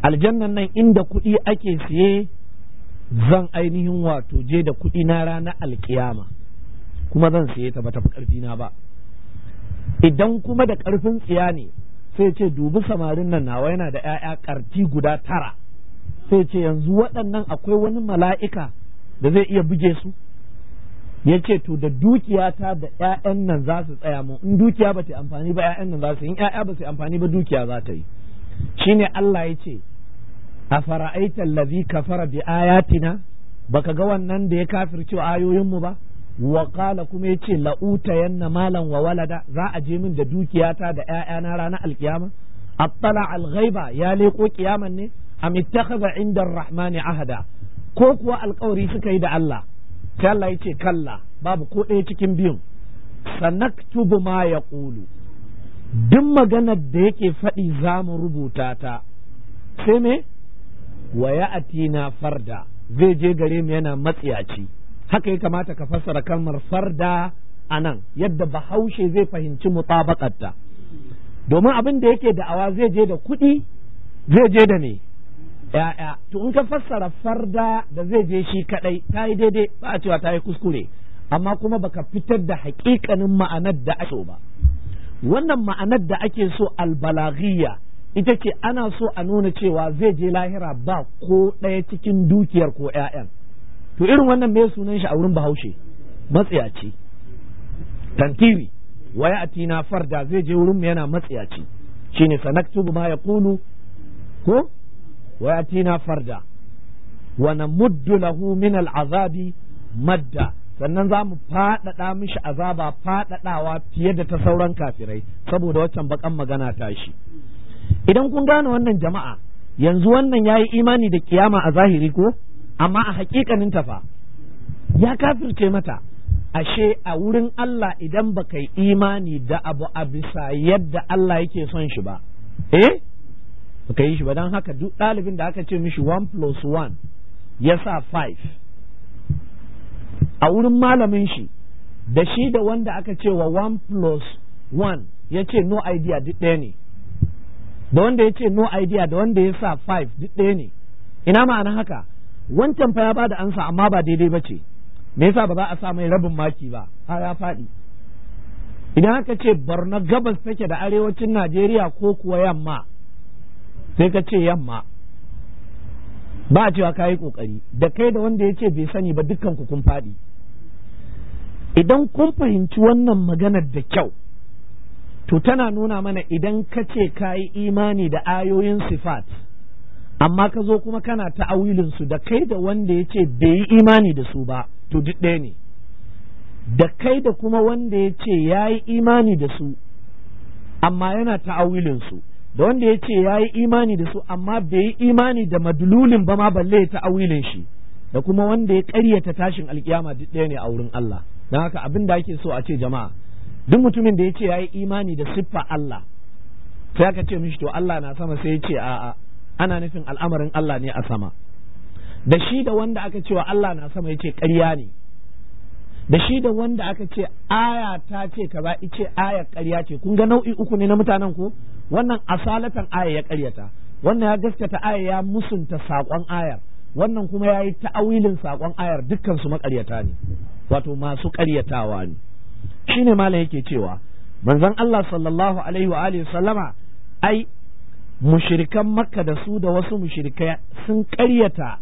aljannan nan inda kuɗi ake siye zan ainihin wato je da kuɗi na ranar alkiyama kuma zan siye ta bata fi ƙarfi na ba idan kuma da karfin tsiya ne sai ce dubi samarin nan nawa yana da 'ya'ya karti guda tara sai ce yanzu waɗannan akwai wani mala'ika da zai iya buge su ya ce to da dukiyata da 'ya'yan nan za su tsaya mu in dukiya ba ta amfani ba 'ya'yan nan za su in 'ya'ya ba su amfani ba dukiya za ta yi shine Allah ya ce a fara'aita ka fara bi ayatina ka ga wannan da ya kafirce ayoyinmu ba wa qala kuma yace la'uta yanna malan wa walada za a je min da dukiyata da 'ya'yana ranar alkiyama A al ya leko ƙiyaman ne am ittakhadha inda ar-rahmani ahada ko kuwa alkawari suka yi da Allah sai Allah yace kalla babu ko ɗaya cikin biyun sanaktubu ma yaqulu duk maganar da yake faɗi za mu rubuta ta sai me wa ya'tina farda zai je gare mu yana matsiyaci haka ya kamata ka fassara kalmar farda a nan yadda bahaushe zai fahimci mutabakatta domin abin da yake da'awa zai je da kuɗi zai je da ne ya'ya to in ka fassara farda da zai je shi kaɗai ta yi daidai ba a cewa ta yi kuskure amma kuma baka fitar da hakikanin ma'anar da ake ba wannan ma'anar da ake so albalaghiya ita ce ana so a nuna cewa zai je lahira ba ko ɗaya cikin dukiyar ko ya'yan. to irin wannan me sunan shi a wurin bahaushe matsiyaci tantiri waya atina farda zai je wurin yana matsiyaci shine sanaktu ma yaqulu ko wa yatina farda wa namuddu lahu min al'azabi madda sannan za mu faɗaɗa mishi azaba faɗaɗawa fiye da ta sauran kafirai saboda waccan bakan magana ta shi idan kun gane wannan jama'a yanzu wannan ya yi imani da kiyama a zahiri ko amma a hakikanin fa ya kafirce mata ashe a wurin Allah idan baka yi imani da abu a bisa yadda Allah yake son shi ba eh baka yi shi ba don haka duk ɗalibin da aka ce mishi 1 plus 1 ya sa 5 a wurin malamin shi da shi da wanda aka ce wa 1 plus 1 ya ce no idea duk ɗaya ne da wanda ya ce no idea da wanda ya sa 5 duk ɗaya ne ina ma'ana haka wancan fa ya ba da ansa amma ba daidai ba ce me yasa ba za a sa mai rabin maki ba har ya faɗi idan aka ce barna gabas take da arewacin najeriya ko kuwa yamma sai ka ce yamma ba a cewa kayi kokari da kai da wanda ya ce bai sani ba dukkan ku kun faɗi idan kun fahimci wannan maganar da kyau to tana nuna mana idan ka ce kayi imani da ayoyin sifat amma ka zo kuma kana ta'awilinsu su da kai da wanda ya ce bai yi imani da su ba to duk ɗaya ne da kai da kuma wanda ya ce ya yi imani da su amma yana ta'awilinsu. su da wanda ya ce ya yi imani da su amma bai yi imani da madululin ba ma balle ta awilin shi da kuma wanda ya ƙaryata tashin alkiyama duk ɗaya ne a wurin Allah don haka abin da ake so a ce jama'a duk mutumin da ya ce ya yi imani da siffa Allah sai aka ce mishi to Allah na sama sai ya ce a'a ana nufin al'amarin Allah ne a sama da shi da wanda aka cewa Allah na sama ya ce ƙarya ne da shi da wanda aka ce aya ta ce kaza ice aya ƙarya ce kun ga nau'i uku ne na mutanen ku wannan asalatan aya ya karyata wannan ya gaskata aya ya musunta sakon ayar wannan kuma ya yi ta'awilin sakon ayar dukkan su makaryata ne wato masu karyatawa ne shine malam yake cewa manzon Allah sallallahu alaihi wa alihi ai mushrikan makka da su da wasu mushrikai sun karyata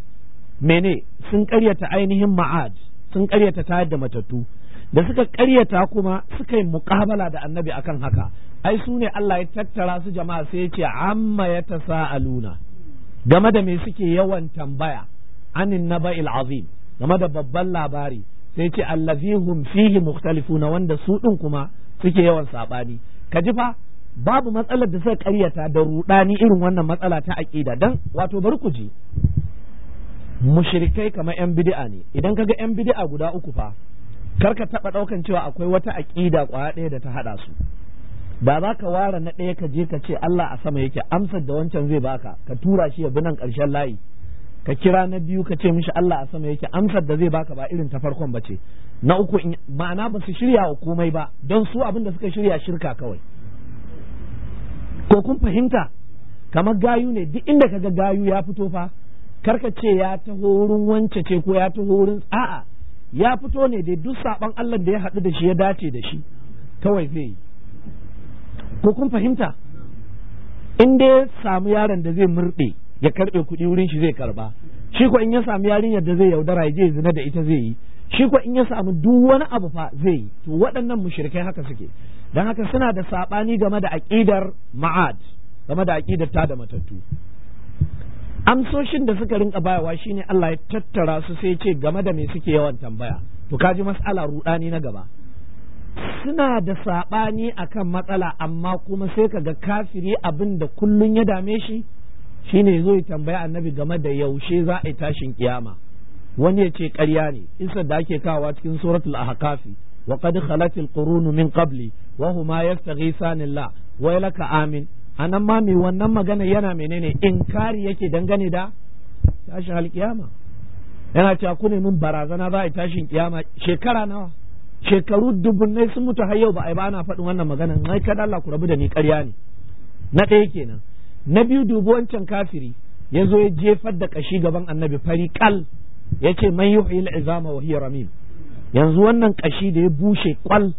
mene sun karyata ainihin ma'ad sun karyata tayar da matattu da suka karyata kuma suka yi muƙabala da annabi akan haka ai su ne Allah ya tattara su jama'a sai ya ce amma ya luna game da me suke yawan tambaya anin naba'il azim game da babban labari sai ce allazi hum fihi na wanda su din kuma suke yawan sabani ka ji fa babu matsalar da suka karyata da rudani irin wannan matsala ta aƙida dan wato bari ku ji mushrikai kamar yan bid'a ne idan kaga yan bid'a guda uku fa karka taba daukan cewa akwai wata aƙida ƙwaya ɗaya da ta haɗa su ba za ka ware na ɗaya ka je ka ce Allah a sama yake amsar da wancan zai baka ka tura shi ya binan karshen ƙarshen layi ka kira na biyu ka ce mishi Allah a sama yake amsar da zai baka ba irin ta farkon ba ce na uku ma'ana ba su shirya wa komai ba don su abin da suka shirya shirka kawai ko kun fahimta kamar gayu ne duk inda kaga gayu ya fito fa kar ka ce ya taho wurin wance ce ko ya taho wurin a'a ya fito ne dai duk saban Allah da ya haɗu da shi ya dace da shi kawai zai yi ko kun fahimta in dai ya samu yaron da zai murɗe ya karɓe kuɗi wurin shi zai karɓa shi ko in ya samu yarinyar da zai yaudara ya je zina da ita zai yi shi ko in ya samu duk wani abu fa zai yi to waɗannan mushrikai haka suke dan haka suna da sabani game da aqidar ma'ad game da aqidar ta da matattu amsoshin da suka rinka bayawa shine Allah ya tattara su sai ya ce game da me suke yawan tambaya to kaji mas'ala ruɗani na gaba suna da saɓani a kan matsala amma kuma sai ka ga kafiri abin da kullum ya dame shi shine zo ya tambaya annabi game da yaushe za a yi tashin kiyama wani ya ce ƙarya ne isa da ake kawa cikin suratul ahqafi wa qad khalatil qurunu min qabli wa huma yastaghisanillah wa laka amin anan ma me wannan magana yana menene inkari yake dangane da tashin alkiyama yana cewa ku mun barazana za a yi tashin kiyama shekara nawa shekaru nai sun mutu har yau ba a yi ba ana faɗin wannan magana ai kada Allah ku rabu da ni ƙarya ne na ɗaya kenan na biyu dubu wancan kafiri ya zo ya jefar da ƙashi gaban annabi fari kal ya ce man yuhyi izama wa hiya ramim yanzu wannan ƙashi da ya bushe ƙwal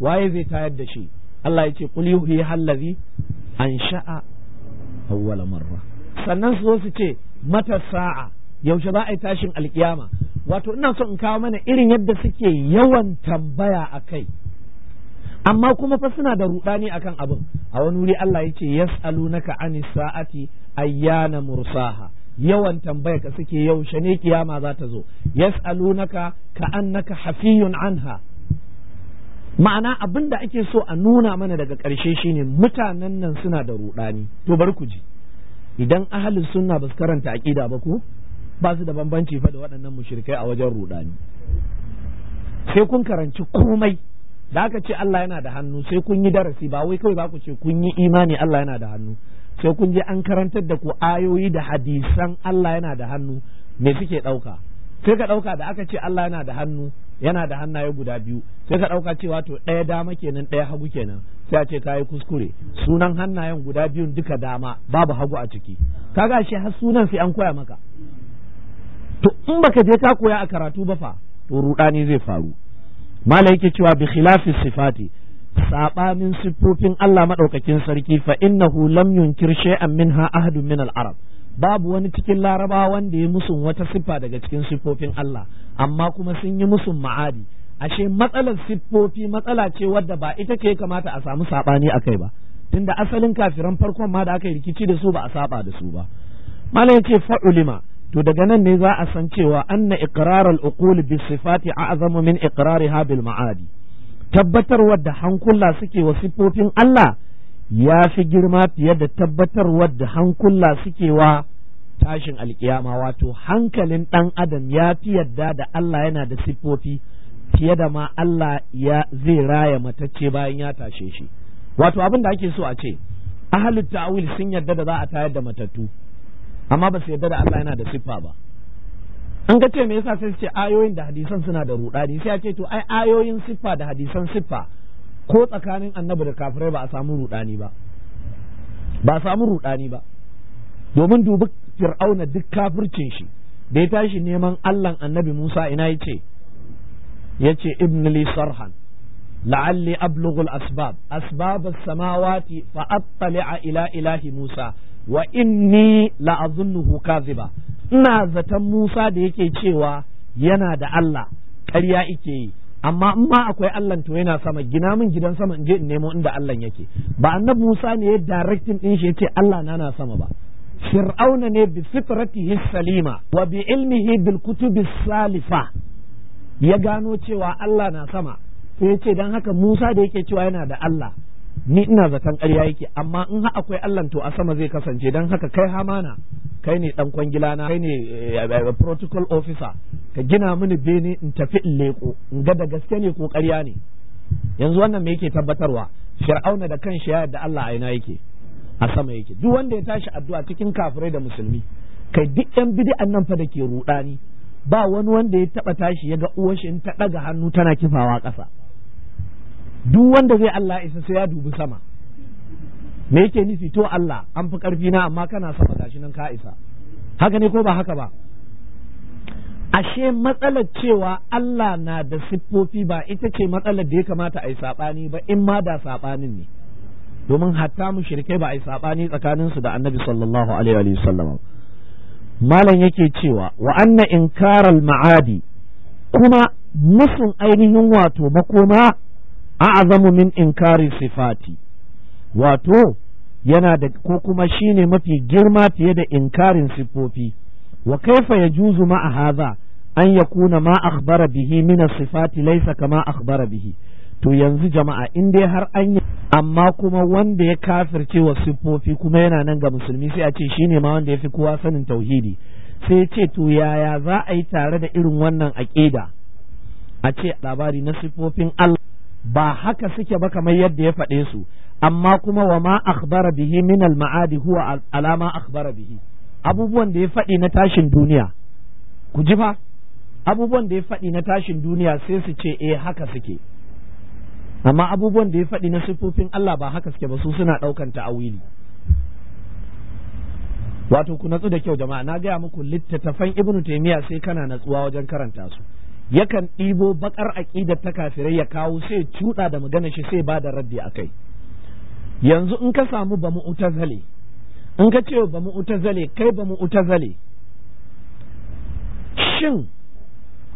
waye zai tayar da shi Allah ya ce qul yuhyi allazi ansha'a awwala marra sannan su zo su ce mata sa'a yaushe za a yi tashin alkiyama wato ina so in kawo mana irin yadda suke yawan tambaya a kai amma kuma fa suna da rudani akan abin a wani wuri Allah ya ce yas'alunaka anis sa'ati ayyana mursaha yawan tambaya ka suke yaushe ne kiyama za ta zo yas'alunaka ka annaka hafiyun anha ma'ana abin da ake so a nuna mana daga ƙarshe shine mutanen nan suna da rudani to bar ku ji idan ahalin sunna ba su karanta aqida ba ko ba su da bambanci fa da waɗannan mushrikai a wajen rudani sai kun karanci komai da aka ce Allah yana da hannu sai kun yi darasi ba wai kawai ba ku ce kun yi imani Allah yana da hannu sai kun je an karantar da ku ayoyi da hadisan Allah yana da hannu me suke ɗauka sai ka ɗauka da aka ce Allah yana da hannu yana da hannaye guda biyu sai ka ɗauka cewa to ɗaya dama kenan ɗaya hagu kenan sai a ce ka yi kuskure sunan hannayen guda biyun duka dama babu hagu a ciki kaga shi har sunan sai an koya maka to in baka je ka koya a karatu ba fa to rudani zai faru malai yake cewa bi khilafi sifati sabanin siffofin Allah madaukakin sarki fa innahu lam yunkir shay'an minha ahadun min al-arab babu wani cikin larabawa wanda ya musun wata siffa daga cikin siffofin Allah amma kuma sun yi musun ma'adi ashe matsalar siffofi matsala ce wadda ba ita ce kamata a samu sabani akai ba tunda asalin kafiran farkon ma da aka yi rikici da su ba a saba da su ba malam yake fa'ulima to daga nan ne za a san cewa anna iqrarar uqul bi sifati a'zamu min iqrariha bil ma'adi tabbatarwar da hankula suke wa sifofin Allah ya fi girma fiye da tabbatarwar da hankula suke wa tashin alkiyama wato hankalin dan adam ya fi yadda da Allah yana da siffofi fiye da ma Allah ya zai raya matacce bayan ya tashe shi wato abin da ake so a ce ahlul tawil sun yarda da za a tayar da matattu amma ba su yarda da Allah yana da siffa ba an ga ce me yasa sai su ce ayoyin da hadisan suna da rudani sai a ce to ai ayoyin siffa da hadisan siffa ko tsakanin annabi da kafirai ba a samu rudani ba ba a samu rudani ba domin dubi fir'auna duk kafircin shi da ya tashi neman Allahn annabi Musa ina yace yace ya ce ibn li sarhan la'alli ablughul asbab asbab as-samawati fa attali'a ila ilahi Musa wa inni la'azunnuhu kaziba ina zaton Musa da yake cewa yana da Allah ƙarya ike yi amma in ma akwai Allah to yana sama gina min gidan sama in je in nemo inda Allah yake ba annabi Musa ne ya directin din shi yace Allah na na sama ba fir'auna ne bi fitratihi salima wa bi ilmihi bil kutubi salifa ya gano cewa Allah na sama sai yace dan haka Musa da yake cewa yana da Allah ni ina zaton ƙarya yake amma in ha akwai Allah to a sama zai kasance dan haka kai hamana kai ne dan kwangila na kai ne eh, eh, protocol officer ka gina mini bene in tafi in leko in ga da gaske ne ko ƙarya ne yanzu wannan me yake tabbatarwa fir'auna da kan shi yadda Allah aina yake a sama yake duk wanda ya tashi addu'a cikin kafirai da musulmi kai duk yan bid'an nan fa da ke rudani ba wani wanda ya taba tashi yaga ga uwar shi in ta daga hannu tana kifawa ƙasa duk wanda zai Allah isa sai ya dubi sama me yake nufi to Allah an fi karfi na amma kana sama gashi nan ka isa haka ne ko ba haka ba ashe matsalar cewa Allah na da siffofi ba ita ce matsalar da ya kamata a yi saɓani ba in ma da saɓanin ne domin hatta mu shirkai ba a yi saɓani su da annabi sallallahu alaihi wa sallam malam yake cewa wa anna inkaral ma'adi kuma musun ainihin wato makoma a'zamu min inkari sifati wato yana da ko kuma shine mafi girma fiye da inkarin sifofi wa kaifa yajuzu ma hadha an yakuna ma akhbara bihi min sifati laysa kama akhbara bihi to yanzu jama'a in dai har an amma kuma wanda ya kafirce wa siffofi kuma yana nan ga musulmi sai a ce shine ma wanda ya fi kowa sanin tauhidi sai ce to yaya za a yi tare da irin wannan aƙida a ce labari na siffofin Allah ba haka suke ba kamar yadda ya faɗe su amma kuma wa ma akhbara bihi min al ma'adi huwa alama akhbara bihi abubuwan da ya faɗi na tashin duniya ku ji fa abubuwan da ya faɗi na tashin duniya sai su ce eh haka suke amma abubuwan da ya faɗi na sifofin Allah ba haka suke ba su suna ɗaukan ta'awili wato ku natsu da kyau jama'a na gaya muku littattafan ibnu taymiya sai kana natsuwa wajen karanta su yakan ɗibo bakar aƙida ta kafirai ya kawo sai cuɗa da magana shi sai ba da raddi a kai yanzu in ka samu ba mu zale in ka ce ba mu zale kai ba mu zale shin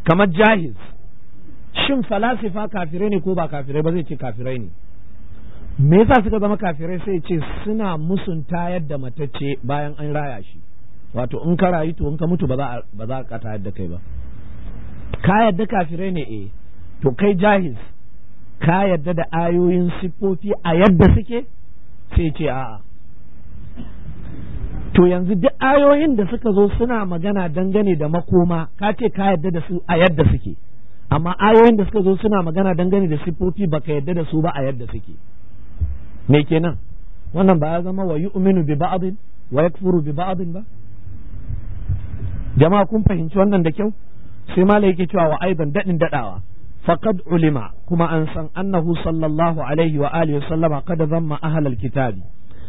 kamar jahiz shin falasifa kafirai ne ko ba kafirai ba zai ce kafirai ne me yasa suka zama kafirai sai ce suna musunta yadda matacce bayan an raya shi wato in ka rayu to in ka mutu ba za a ka tayar da kai ba ka yadda kafirai ne eh to kai jahiz ka yadda da ayoyin siffofi a yadda suke sai ce a'a to yanzu duk ayoyin da suka zo suna magana dangane da makoma ka ce ka yadda da su a yadda suke amma ayoyin da suka zo suna magana dangane da siffofi baka yadda da su ba a yadda suke me kenan wannan ba ya zama wa yu'minu bi ba'din wa yakfuru bi ba'din ba jama'a kun fahimci wannan da kyau sai malai yake cewa wa aiban dadin dadawa faqad ulima kuma an san annahu sallallahu alaihi wa alihi sallama qad zamma ahlal kitabi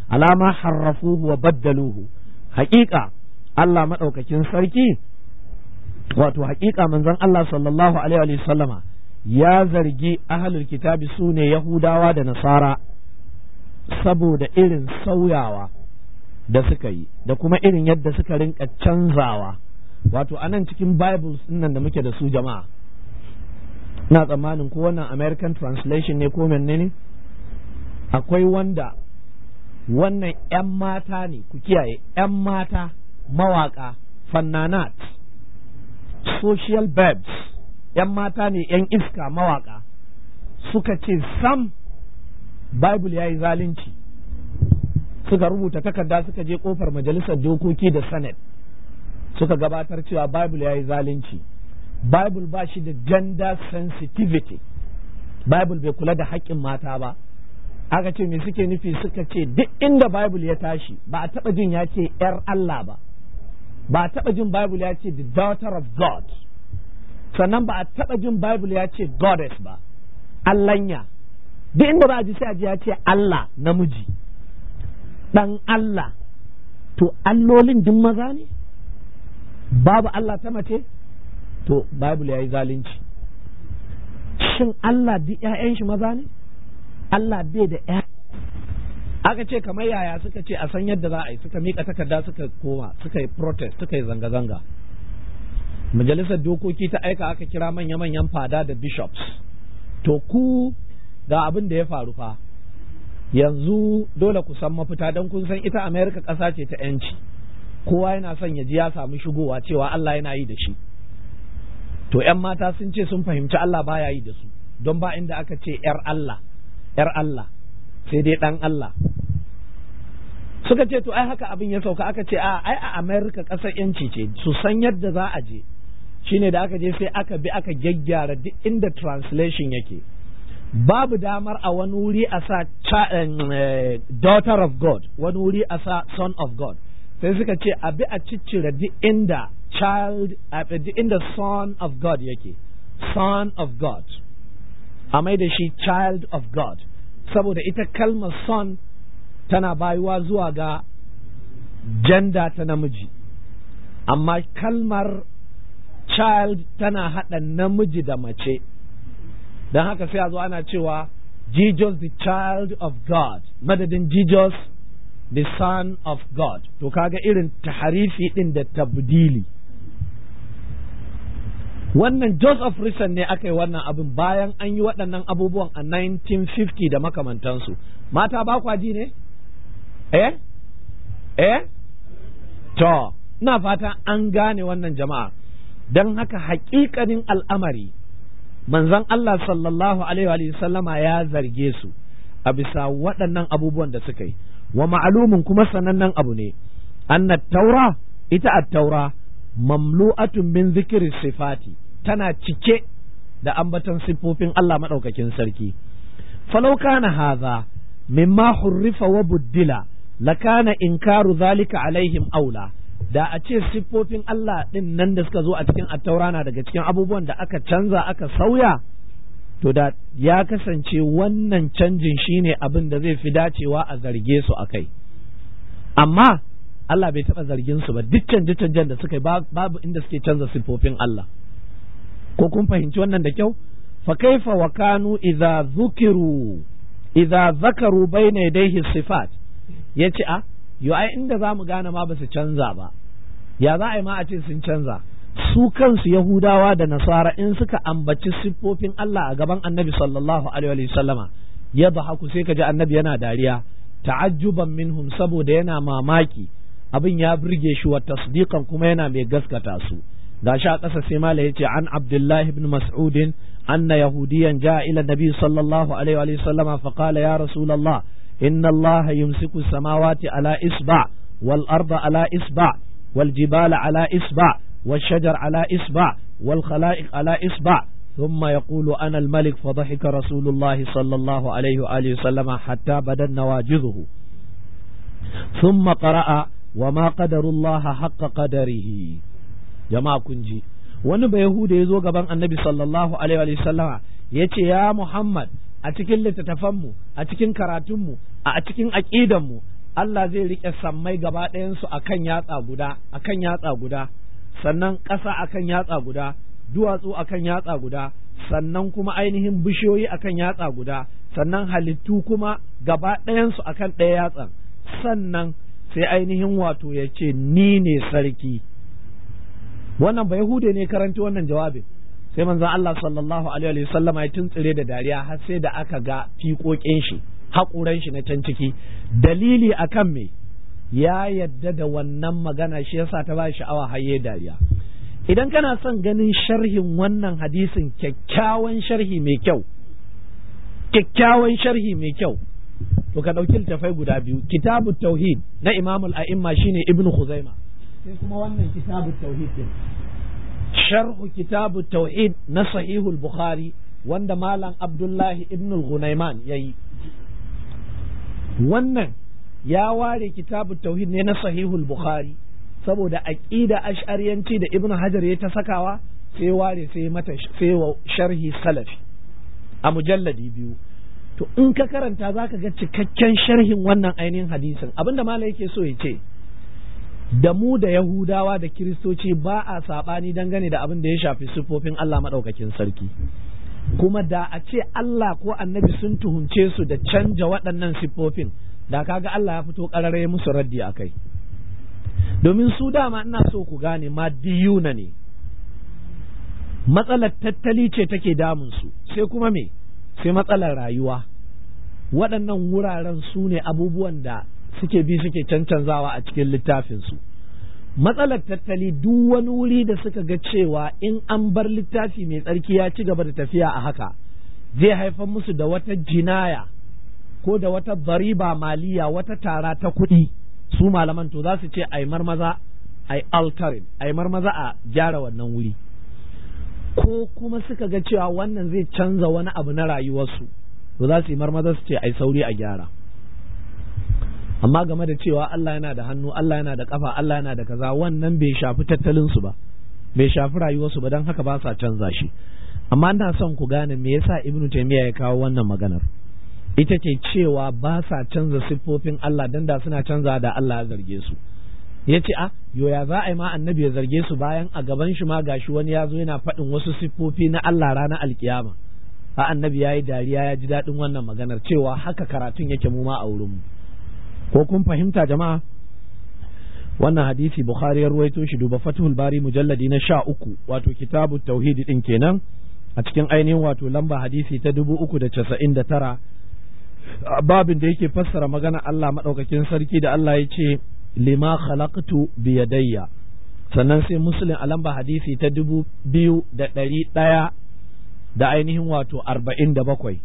alama harrafuhu wa baddaluhu haqiqa Allah madaukakin sarki wato haqiqa manzon Allah sallallahu alaihi wa sallama ya zargi ahlul kitabi sune yahudawa da nasara saboda irin sauyawa da suka yi da kuma irin yadda suka rinka canzawa wato anan cikin bibles nan da muke da su jama'a ina tsammanin ko wannan american translation ne ko menene akwai wanda wannan 'yan mata ne ku kiyaye 'yan mata mawaka fannanat social babes 'yan mata ne 'yan iska mawaka suka ce sam bible ya yi zalunci suka rubuta takarda suka je kofar majalisar dokoki da senate suka gabatar cewa bible ya yi zalunci bible ba shi da gender sensitivity bible bai kula da haƙƙin mata ba aka ce me suke nufi suka ce duk inda bible ya tashi ba a taɓa jin ya ce ‘yar Allah ba ba a taɓa jin bible ya ce the daughter of God sannan ba a taɓa jin bible ya ce goddess ba Allahnya duk inda ba a ji sai a ji ya ce Allah namiji ɗan Allah to allolin din maza ne babu Allah ta mace to bible yayi zalunci shin Allah bi ƴaƴan shi maza ne Allah bai da ƴa aka ce kamar yaya suka ce a san yadda za a yi suka miƙa takarda suka koma suka yi protest suka yi zanga-zanga majalisar dokoki ta aika aka kira manya-manyan fada da bishops to ku ga abin da ya faru fa yanzu dole ku san mafita don kun san ita america ƙasa ce ta 'yanci kowa yana son ya ji ya samu shigowa cewa Allah yana yi da shi to ‘yan mata sun ce sun fahimci Allah baya yi da su don ba inda aka ce ‘yar Allah ‘yar Allah sai dai ɗan Allah suka ce to ai haka abin ya sauka aka ce a ai a America ƙasar ‘yanci ce su san yadda za a je shine da aka je sai aka bi aka gyaggyara duk inda translation yake babu damar a wani wuri a sa eh, eh, daughter of God wani wuri a sa son of God sai suka ce bi a ciccire di inda child di inda son of God yake son of God a mai da shi child of God saboda ita kalmar son tana bayuwa zuwa ga janda ta namiji amma kalmar child tana haɗa namiji da mace don haka sai a zo ana cewa Jesus the child of God madadin Jesus the son of God to kaga irin taharifi din da tabdili wannan Joseph Rison ne aka wannan abin bayan an yi waɗannan abubuwan a 1950 da makamantansu mata ba ne? eh? eh? to ina fata an gane wannan jama'a don haka haƙiƙanin al'amari manzon Allah sallallahu alaihi wa sallama ya zarge su a bisa waɗannan abubuwan da suka yi wa ma'alumin kuma sanannen abu ne anna taura ita at-taura mamlu'atun min zikri sifati tana cike da ambaton siffofin Allah madaukakin sarki falau kana haza mimma hurrifa wa buddila lakana inkaru zalika alaihim aula da a ce siffofin Allah ɗin nan da suka zo a cikin attaura na daga cikin abubuwan da aka canza aka sauya to da ya kasance wannan canjin shine abin da zai fi dacewa a zarge su a kai amma Allah bai taɓa zargin su ba duk canje-canjen da suka yi babu inda suke canza siffofin Allah ko kun fahimci wannan da kyau fa kaifa wa kanu idza zukiru idza zakaru bayna yadayhi sifat yace a ah, yo ai inda zamu gane ma ba su canza ba ya za a yi ma a ce sun canza su kansu yahudawa da nasara in suka ambaci siffofin Allah a gaban annabi sallallahu alaihi wasallama ya haku sai ka ji annabi yana dariya ta'ajjuban minhum saboda yana mamaki abin ya burge shi wa tasdiqan kuma yana mai gaskata su gashi a ƙasa sai mala yace an abdullahi ibn mas'udin anna yahudiyan ja'a ila nabi sallallahu alaihi wasallama fa qala ya rasulullah inna allaha yumsiku samawati ala isba wal arda ala isba wal jibala ala isba' والشجر على إصبع والخلائق على إصبع ثم يقول أنا الملك فضحك رسول الله صلى الله عليه وآله وسلم حتى بدا نواجذه ثم قرأ وما قدر الله حق قدره جماعة كنجي wani bai Yahuda ya zo gaban annabi sallallahu alaihi sallama ya ce ya Muhammad a cikin littattafanmu a cikin karatunmu a cikin aƙidanmu Allah zai riƙe sammai gaba ɗayansu a kan yatsa guda a kan yatsa guda sannan ƙasa akan yatsa guda duwatsu akan yatsa guda sannan kuma ainihin bishiyoyi akan yatsa guda sannan halittu kuma gaba ɗayansu akan ɗaya yatsan sannan sai ainihin wato ya ce ni ne sarki wannan ba yahude ne karanta wannan jawabin sai manzon Allah sallallahu alaihi wa sallama ya tuntsire da dariya har sai da aka ga fiƙoƙin shi haƙuran shi na can ciki dalili akan me ya yadda da wannan magana shi yasa ta ba sha'awa haye dariya idan kana son ganin sharhin wannan hadisin kyakkyawan sharhi mai kyau kyakkyawan sharhi mai kyau to ka ɗauki littafai guda biyu kitabu tauhid na imamul a'imma shine ibnu khuzaima sai kuma wannan kitabu tauhid din sharhu kitabu tauhid na sahihul bukhari wanda malam abdullahi Ibnu al-ghunayman yayi wannan ya ware kitabun tauhid ne na sahihul bukhari saboda aqida ash'ariyanci da ibnu hajar ya ta sakawa sai ware sai mata sai sharhi salafi a mujalladi biyu to in ka karanta zaka ga cikakken sharhin wannan ainihin hadisin abinda malai yake so ya ce da mu da yahudawa da kiristoci ba a sabani dangane da abin da ya shafi siffofin Allah madaukakin sarki kuma da a ce Allah ko annabi sun tuhunce su da canja waɗannan siffofin da kaga Allah ya fito ƙararre musu raddi a kai domin su dama ina so ku gane ma diyuna ne matsalar tattali ce take damunsu sai kuma me sai matsalar rayuwa waɗannan wuraren su ne abubuwan da suke bi suke cancanzawa a cikin littafinsu matsalar tattali duk wani wuri da suka ga cewa in an bar littafi mai tsarki ya ci gaba da tafiya a haka zai haifar musu da wata jinaya ko da wata zariba maliya wata tara ta kuɗi su malaman to za su ce ai marmaza ai altering ai marmaza a gyara wannan wuri ko kuma suka ga cewa wannan zai canza wani abu na rayuwarsu to za su yi marmaza su ce ai sauri a gyara amma game da cewa Allah yana da hannu Allah yana da kafa Allah yana da kaza wannan bai shafi tattalinsu ba bai shafi rayuwarsu ba don haka ba sa canza shi amma ina son ku gane me yasa ibnu taymiya ya kawo wannan maganar ita ce cewa ba sa canza siffofin Allah dan da suna canza da Allah zarge su ya ce a ah, yo ya za a yi ma annabi ya zarge su bayan a gaban shi ma gashi wani ya zo yana faɗin wasu siffofi na Allah rana alkiyama a annabi ya yi dariya ya ji daɗin wannan maganar cewa haka karatun yake mu ma a wurinmu ko kun fahimta jama'a wannan hadisi bukhari ya ruwaito shi duba fathul bari mujalladi na sha uku wato kitabu tauhidi ɗin kenan a cikin ainihin wato lamba hadisi ta dubu uku da casa'in da tara babin da yake fassara magana Allah maɗaukakin sarki da Allah ya ce lima khalaqtu biyadayya sannan sai muslim a lamba hadisi ta dubu biyu da ɗari ɗaya da ainihin wato arba'in da bakwai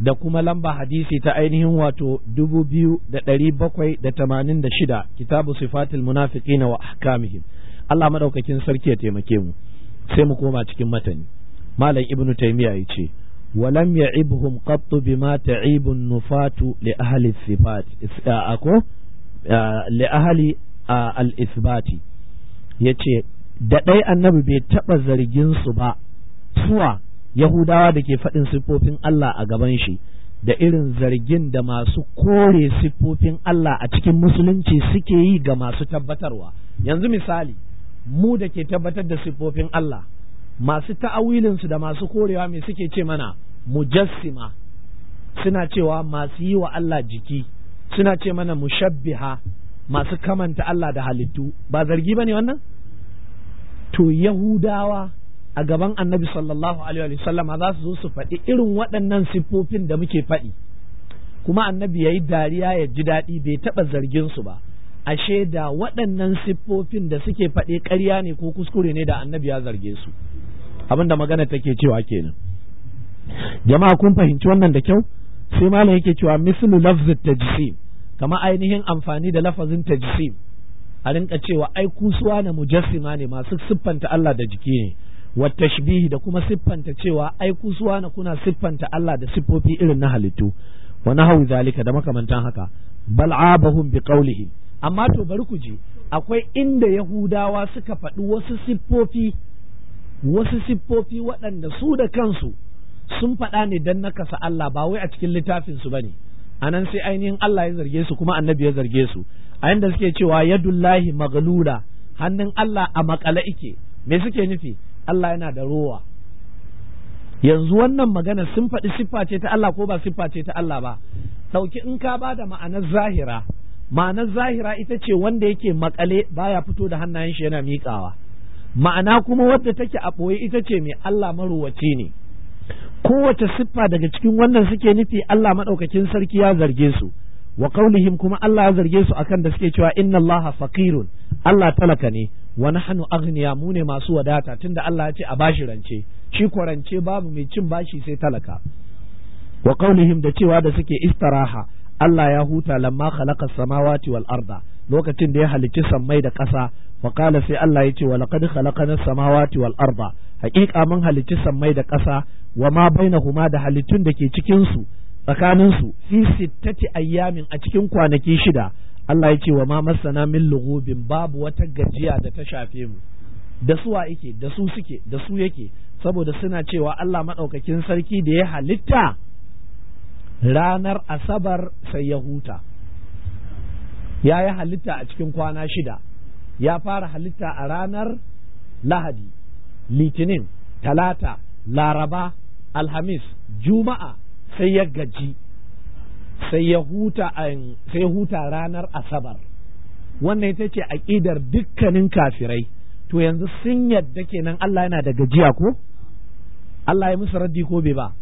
da kuma lamba hadisi ta ainihin wato dubu biyu da ɗari bakwai da tamanin da shida kitabu sifatil munafiqina wa ahkamihim Allah madaukakin sarki ya taimake mu sai mu koma cikin matani malam ibnu taymiya ya ce ولم يعبهم قط بما تعيب النفاة a Al-Isbati. لأهل الإثبات يتي daɗai annabi bai taɓa zargin su ba suwa yahudawa da ke faɗin sifofin Allah a gaban shi da irin zargin da masu kore siffofin Allah a cikin musulunci suke yi ga masu tabbatarwa yanzu misali mu da ke tabbatar da siffofin Allah masu ta'awilinsu da masu korewa mai suke ce mana mujassima suna cewa masu yi wa Allah jiki suna ce mana mushabbiha masu kamanta Allah da halittu ba zargi ba ne wannan to yahudawa a gaban annabi sallallahu alaihi wasallama za su zo su faɗi irin waɗannan siffofin da muke faɗi kuma annabi ya yi dariya ya ji daɗi bai taɓa zargin su ba ashe da waɗannan siffofin da suke faɗi ƙarya ne ko kuskure ne da annabi ya zarge su abinda magana take cewa kenan jama'a kun fahimci wannan da kyau sai malam yake cewa mislu lafzi tajsim kama ainihin amfani da lafazin tajsim a rinka cewa ai kusuwa na mujassima ne masu siffanta Allah da jiki ne wa tashbih da kuma siffanta cewa ai kusuwa na kuna siffanta Allah da siffofi irin na halittu wa nahawi zalika da makamantan haka bal abahum bi qawlihi amma to bari ku ji akwai inda yahudawa suka faɗi wasu siffofi wasu siffofi waɗanda su da kansu sun faɗa ne don na kasa Allah ba wai a cikin littafinsu ba ne a nan sai ainihin Allah ya zarge su kuma annabi ya zarge su a yadda suke cewa yadullahi maglula hannun Allah a makale ike me suke nufi Allah yana da rowa yanzu wannan magana sun faɗi siffa ce ta Allah ko ba siffa ce ta Allah ba ɗauki in ka ba da ma'anar zahira ma'anar zahira ita ce wanda yake makale baya fito da hannayen shi yana miƙawa ma'ana kuma wadda take a ɓoye ita ce mai Allah maruwaci ne kowace siffa daga cikin wannan suke nufi Allah maɗaukakin sarki ya zarge su wa qaulihim kuma Allah ya zarge su akan da suke cewa inna Allah faqirun Allah talaka ne wa nahnu aghniya mu ne masu wadata tunda Allah ya ce a bashi rance shi ko rance babu mai cin bashi sai talaka wa qaulihim da cewa da suke istaraha Allah ya huta lamma khalaqa samawati wal arda lokacin da ya halicci sammai da ƙasa faƙala sai Allah ya ce wa laqad khalaqana samawati wal arda haƙiƙa mun halicci sammai da ƙasa wa ma bainahuma da halittun da ke cikin su tsakanin su fi sittati ayyamin a cikin kwanaki shida Allah ya ce wa ma masana min lughubin babu wata gajiya da ta shafe mu da suwa yake da su suke da su yake saboda suna cewa Allah madaukakin sarki da ya halitta ranar asabar sai ya huta ya yi halitta a cikin kwana shida ya fara halitta a ranar lahadi litinin talata laraba alhamis juma'a sai ya gaji sai ya huta sai ya huta ranar asabar wannan ita ce aƙidar dukkanin kafirai to yanzu sun yadda kenan Allah yana da gajiya ko Allah ya musu raddi ko bai ba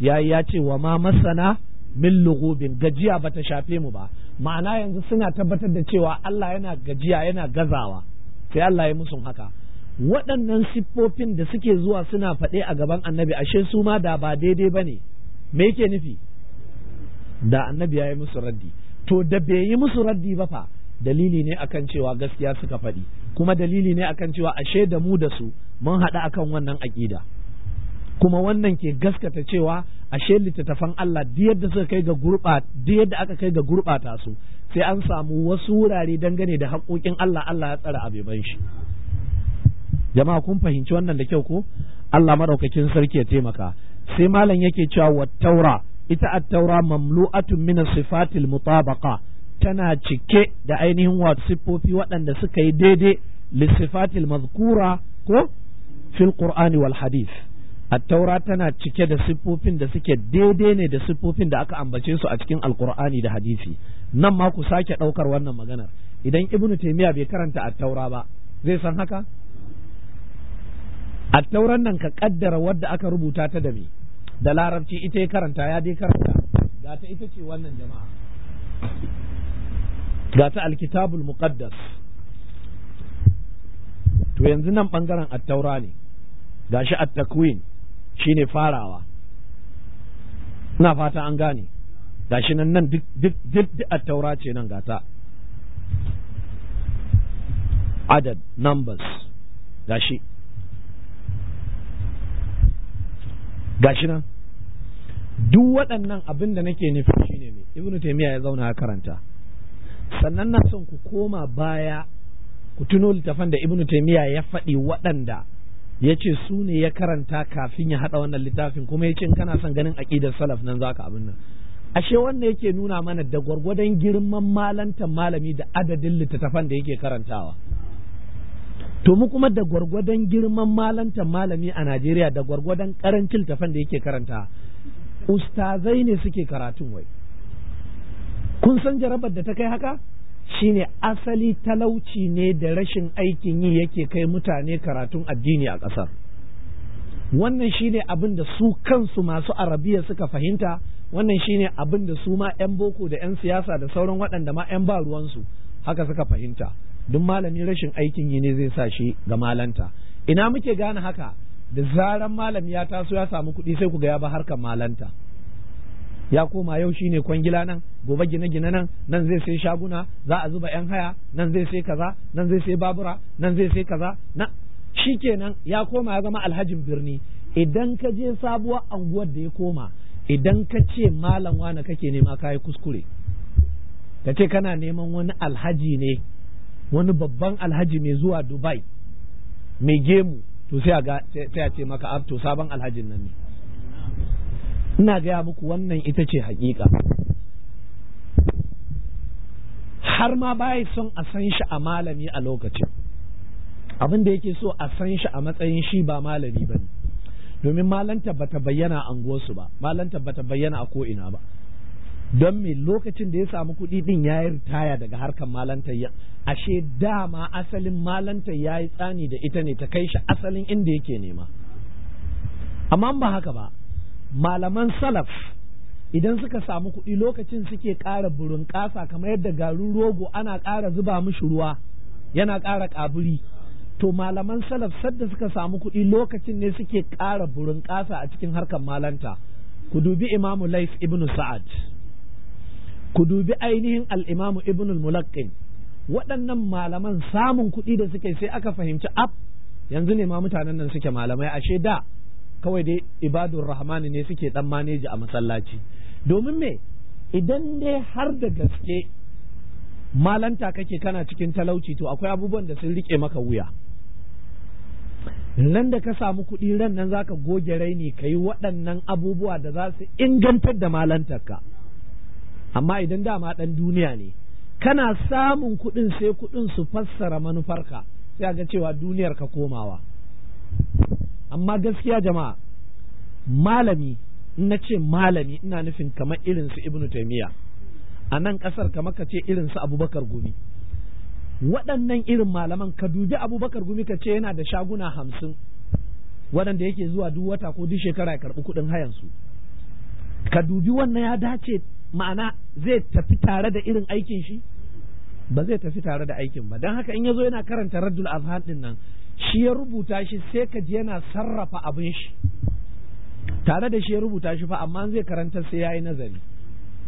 ya ya ce wa ma masana min lugubin gajiya bata shafe mu ba ma'ana yanzu suna tabbatar da cewa Allah yana gajiya yana gazawa sai Allah ya musu haka waɗannan siffofin da suke zuwa suna faɗe a gaban annabi ashe su ma da ba daidai ba ne me yake nufi da annabi ya yi musu raddi to da bai yi musu raddi ba fa dalili ne akan cewa gaskiya suka faɗi kuma dalili ne akan cewa ashe da mu da su mun haɗa akan wannan aƙida kuma wannan ke gaskata cewa ashe littattafan Allah duk yadda suka kai ga gurɓata duk yadda aka kai ga gurɓata su sai an samu wasu wurare dangane da haƙoƙin Allah Allah ya tsara abeban shi jama'a kun fahimci wannan da kyau ko Allah madaukakin sarki ya taimaka sai malam yake cewa wa taura ita at-taura mamlu'atun min sifatil mutabaqa tana cike da ainihin wato sifofi waɗanda suka yi daidai li sifatil mazkura ko fil qur'ani wal hadith attaura tana cike da siffofin da suke daidai ne da siffofin da aka ambace su a cikin alkur'ani da hadisi nan ma ku sake ɗaukar wannan maganar idan ibnu taimiya bai karanta attaura ba zai san haka attauran nan ka kaddara wadda aka rubuta ta da me da larabci ita ya karanta ya dai karanta ga ta ita ce wannan jama'a ga ta alkitabul muqaddas to yanzu nan bangaren attaura ne gashi shi takwin Shi ne farawa ina fata an gane shi nan nan duk duk duk a taura ce nan gata adad numbers shi. Ga shi nan duk waɗannan abin da nake nufi ne mai ibnu taimiyya ya zauna ya karanta sannan na son ku koma baya ku tuno littafan da ibnu taimiyya ya faɗi waɗanda ya ce su ne ya karanta kafin ya haɗa wannan littafin kuma ya ce in kana son ganin aƙidar salaf nan za ka abin nan ashe wannan yake nuna mana da gwargwadon girman malantan malami da adadin littattafan da yake karantawa to mu kuma da gwargwadon girman malantan malami a Najeriya da gwargwadon karancin littattafan da yake karanta ustazai ne suke karatun wai kun san jarabar da ta kai haka Shi ne asali talauci ne da rashin aikin yi yake kai mutane karatun addini a ƙasar wannan shi ne abin da su kansu masu arabiya suka fahimta wannan shi ne abin da su ma 'yan boko da 'yan siyasa da sauran waɗanda ma 'yan ba ruwansu haka suka fahimta duk malami rashin aikin yi ne zai sa shi ga malanta ina muke gane haka da zaran malami ya taso ya samu kuɗi sai ku ga ya ba harkar malanta ya koma yau shine kwangila nan gobe gine-gine nan nan zai sai shaguna za a zuba yan haya nan zai sai kaza nan zai sai babura nan zai sai kaza na shikenan ya koma ya zama alhajin birni idan ka je sabuwar anguwar da ya koma idan ka ce malam wane kake nema kayi kuskure ka ce kana neman wani alhaji ne wani babban alhaji mai zuwa dubai mai gemu to sai a ce maka to sabon alhajin nan ne ina gaya muku wannan ita ce hakika har ma baya son a san shi a malami a lokacin abin da yake so a san shi a matsayin shi ba malami ba ne domin malanta bata bayyana a anguwarsu ba malanta bata bayyana a ko'ina ba don me lokacin da ya samu kuɗi din ya yi ritaya daga harkar malantar ya ashe dama asalin malantar ya yi tsani da ita ne ta kai shi asalin inda yake nema amma ba haka ba malaman salaf idan suka samu kuɗi lokacin suke ƙara burin ƙasa kamar yadda garin rogo ana ƙara zuba mishi ruwa yana ƙara ƙaburi to malaman salaf sadda suka samu kuɗi lokacin ne suke ƙara burin ƙasa a cikin harkar malanta ku dubi imamu lais ibnu sa'ad ku dubi ainihin al'imamu ibnu mulaqin waɗannan malaman samun kuɗi da suke sai aka fahimci ab yanzu ne ma mutanen nan suke malamai ashe da kawai dai ibadun rahmani ne suke dan maneji a masallaci domin me idan dai har da gaske malanta kake kana cikin talauci to akwai abubuwan da sun rike maka wuya nan da ka samu kuɗi ran nan zaka goge raini ka yi waɗannan abubuwa da za su ingantar da malantarka amma idan dama ɗan duniya ne kana samun kuɗin sai kuɗin su fassara manufarka sai ga cewa duniyar ka komawa amma gaskiya jama'a malami na ce malami ina nufin kamar irin su ibnu taimiyya a nan ƙasar kamar ka ce irin su abubakar gumi waɗannan irin malaman ka dubi abubakar gumi ka ce yana da shaguna hamsin waɗanda yake zuwa duk wata ko duk shekara ya karɓi kuɗin hayansu ka dubi wannan ya dace ma'ana zai tafi tare da irin aikin shi ba zai tafi tare da aikin ba don haka in ya zo yana karanta raddul azhan ɗin nan shi ya rubuta shi sai ka ji yana sarrafa abin shi tare da shi ya rubuta shi fa amma zai karanta sai ya yi nazari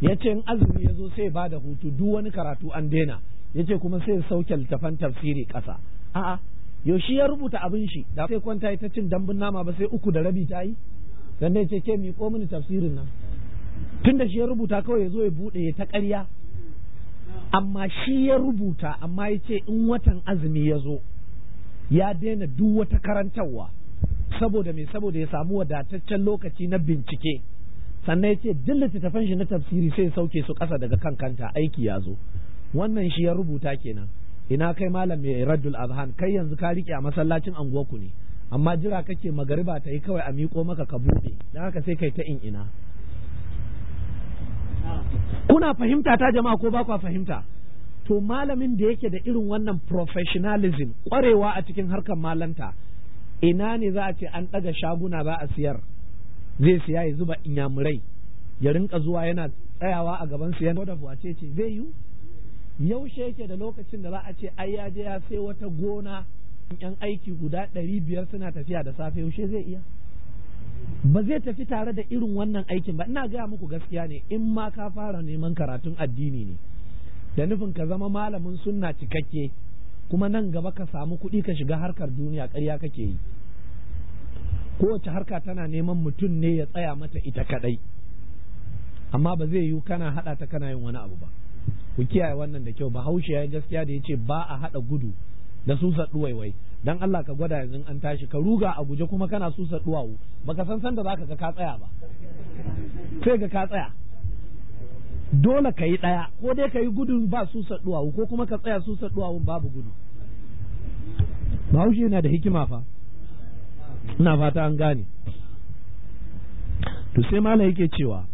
ya ce in azumi ya zo sai ba da hutu duk wani karatu an daina ya ce kuma sai sauke littafan tafsiri ƙasa a'a yau shi ya rubuta abin shi da sai kwanta ta cin dambun nama ba sai uku da rabi ta yi dan ne ce ke miƙo mini tafsirin nan tun da shi ya rubuta kawai ya zo ya buɗe ya ta ƙarya amma shi ya rubuta amma ya ce in watan azumi ya zo ya daina duk wata karantarwa saboda mai saboda ya samu wadataccen lokaci na bincike sannan ya ce duk littattafan shi na tafsiri sai sauke su kasa daga kan kanta aiki ya zo wannan shi ya rubuta kenan ina kai malam mai raddul azhan kai yanzu ka rike a masallacin anguwarku ne amma jira kake magariba ta yi kawai a miƙo maka ka buɗe don haka sai kai ta in ina kuna fahimta ta jama'a ko ba kwa fahimta to malamin da yake da irin wannan professionalism kwarewa a cikin harkar malanta ina ne za a ce an ɗaga shaguna za a siyar zai siya ya zuba inyamurai ya rinka zuwa yana tsayawa a gaban siyan da wace ce zai yi yaushe yake da lokacin da za a ce ai ya je ya sai wata gona yan aiki guda ɗari biyar suna tafiya da safe yaushe zai iya ba zai tafi tare da irin wannan aikin ba ina gaya muku gaskiya ne in ma ka fara neman karatun addini ne da nufin ka zama malamin sunna cikakke kuma nan gaba ka samu kuɗi ka shiga harkar duniya ƙarya kake yi kowace harka tana neman mutum ne ya tsaya mata ita kadai amma ba zai yiwu kana haɗa ta kana yin wani abu ba ku kiyaye wannan da kyau bahaushe ya gaskiya da ya ce ba a haɗa gudu da susar ɗuwaiwai don Allah ka gwada yanzu an tashi ka ruga a guje kuma kana susar ɗuwawu baka san san da ka ga ka tsaya ba sai ga ka tsaya dole ka yi ɗaya ko dai ka yi gudun ba su duwawu ko kuma ka tsaya su duwawun babu gudu bahaushe yana da hikima fa ina fata an gane to sai malam yake cewa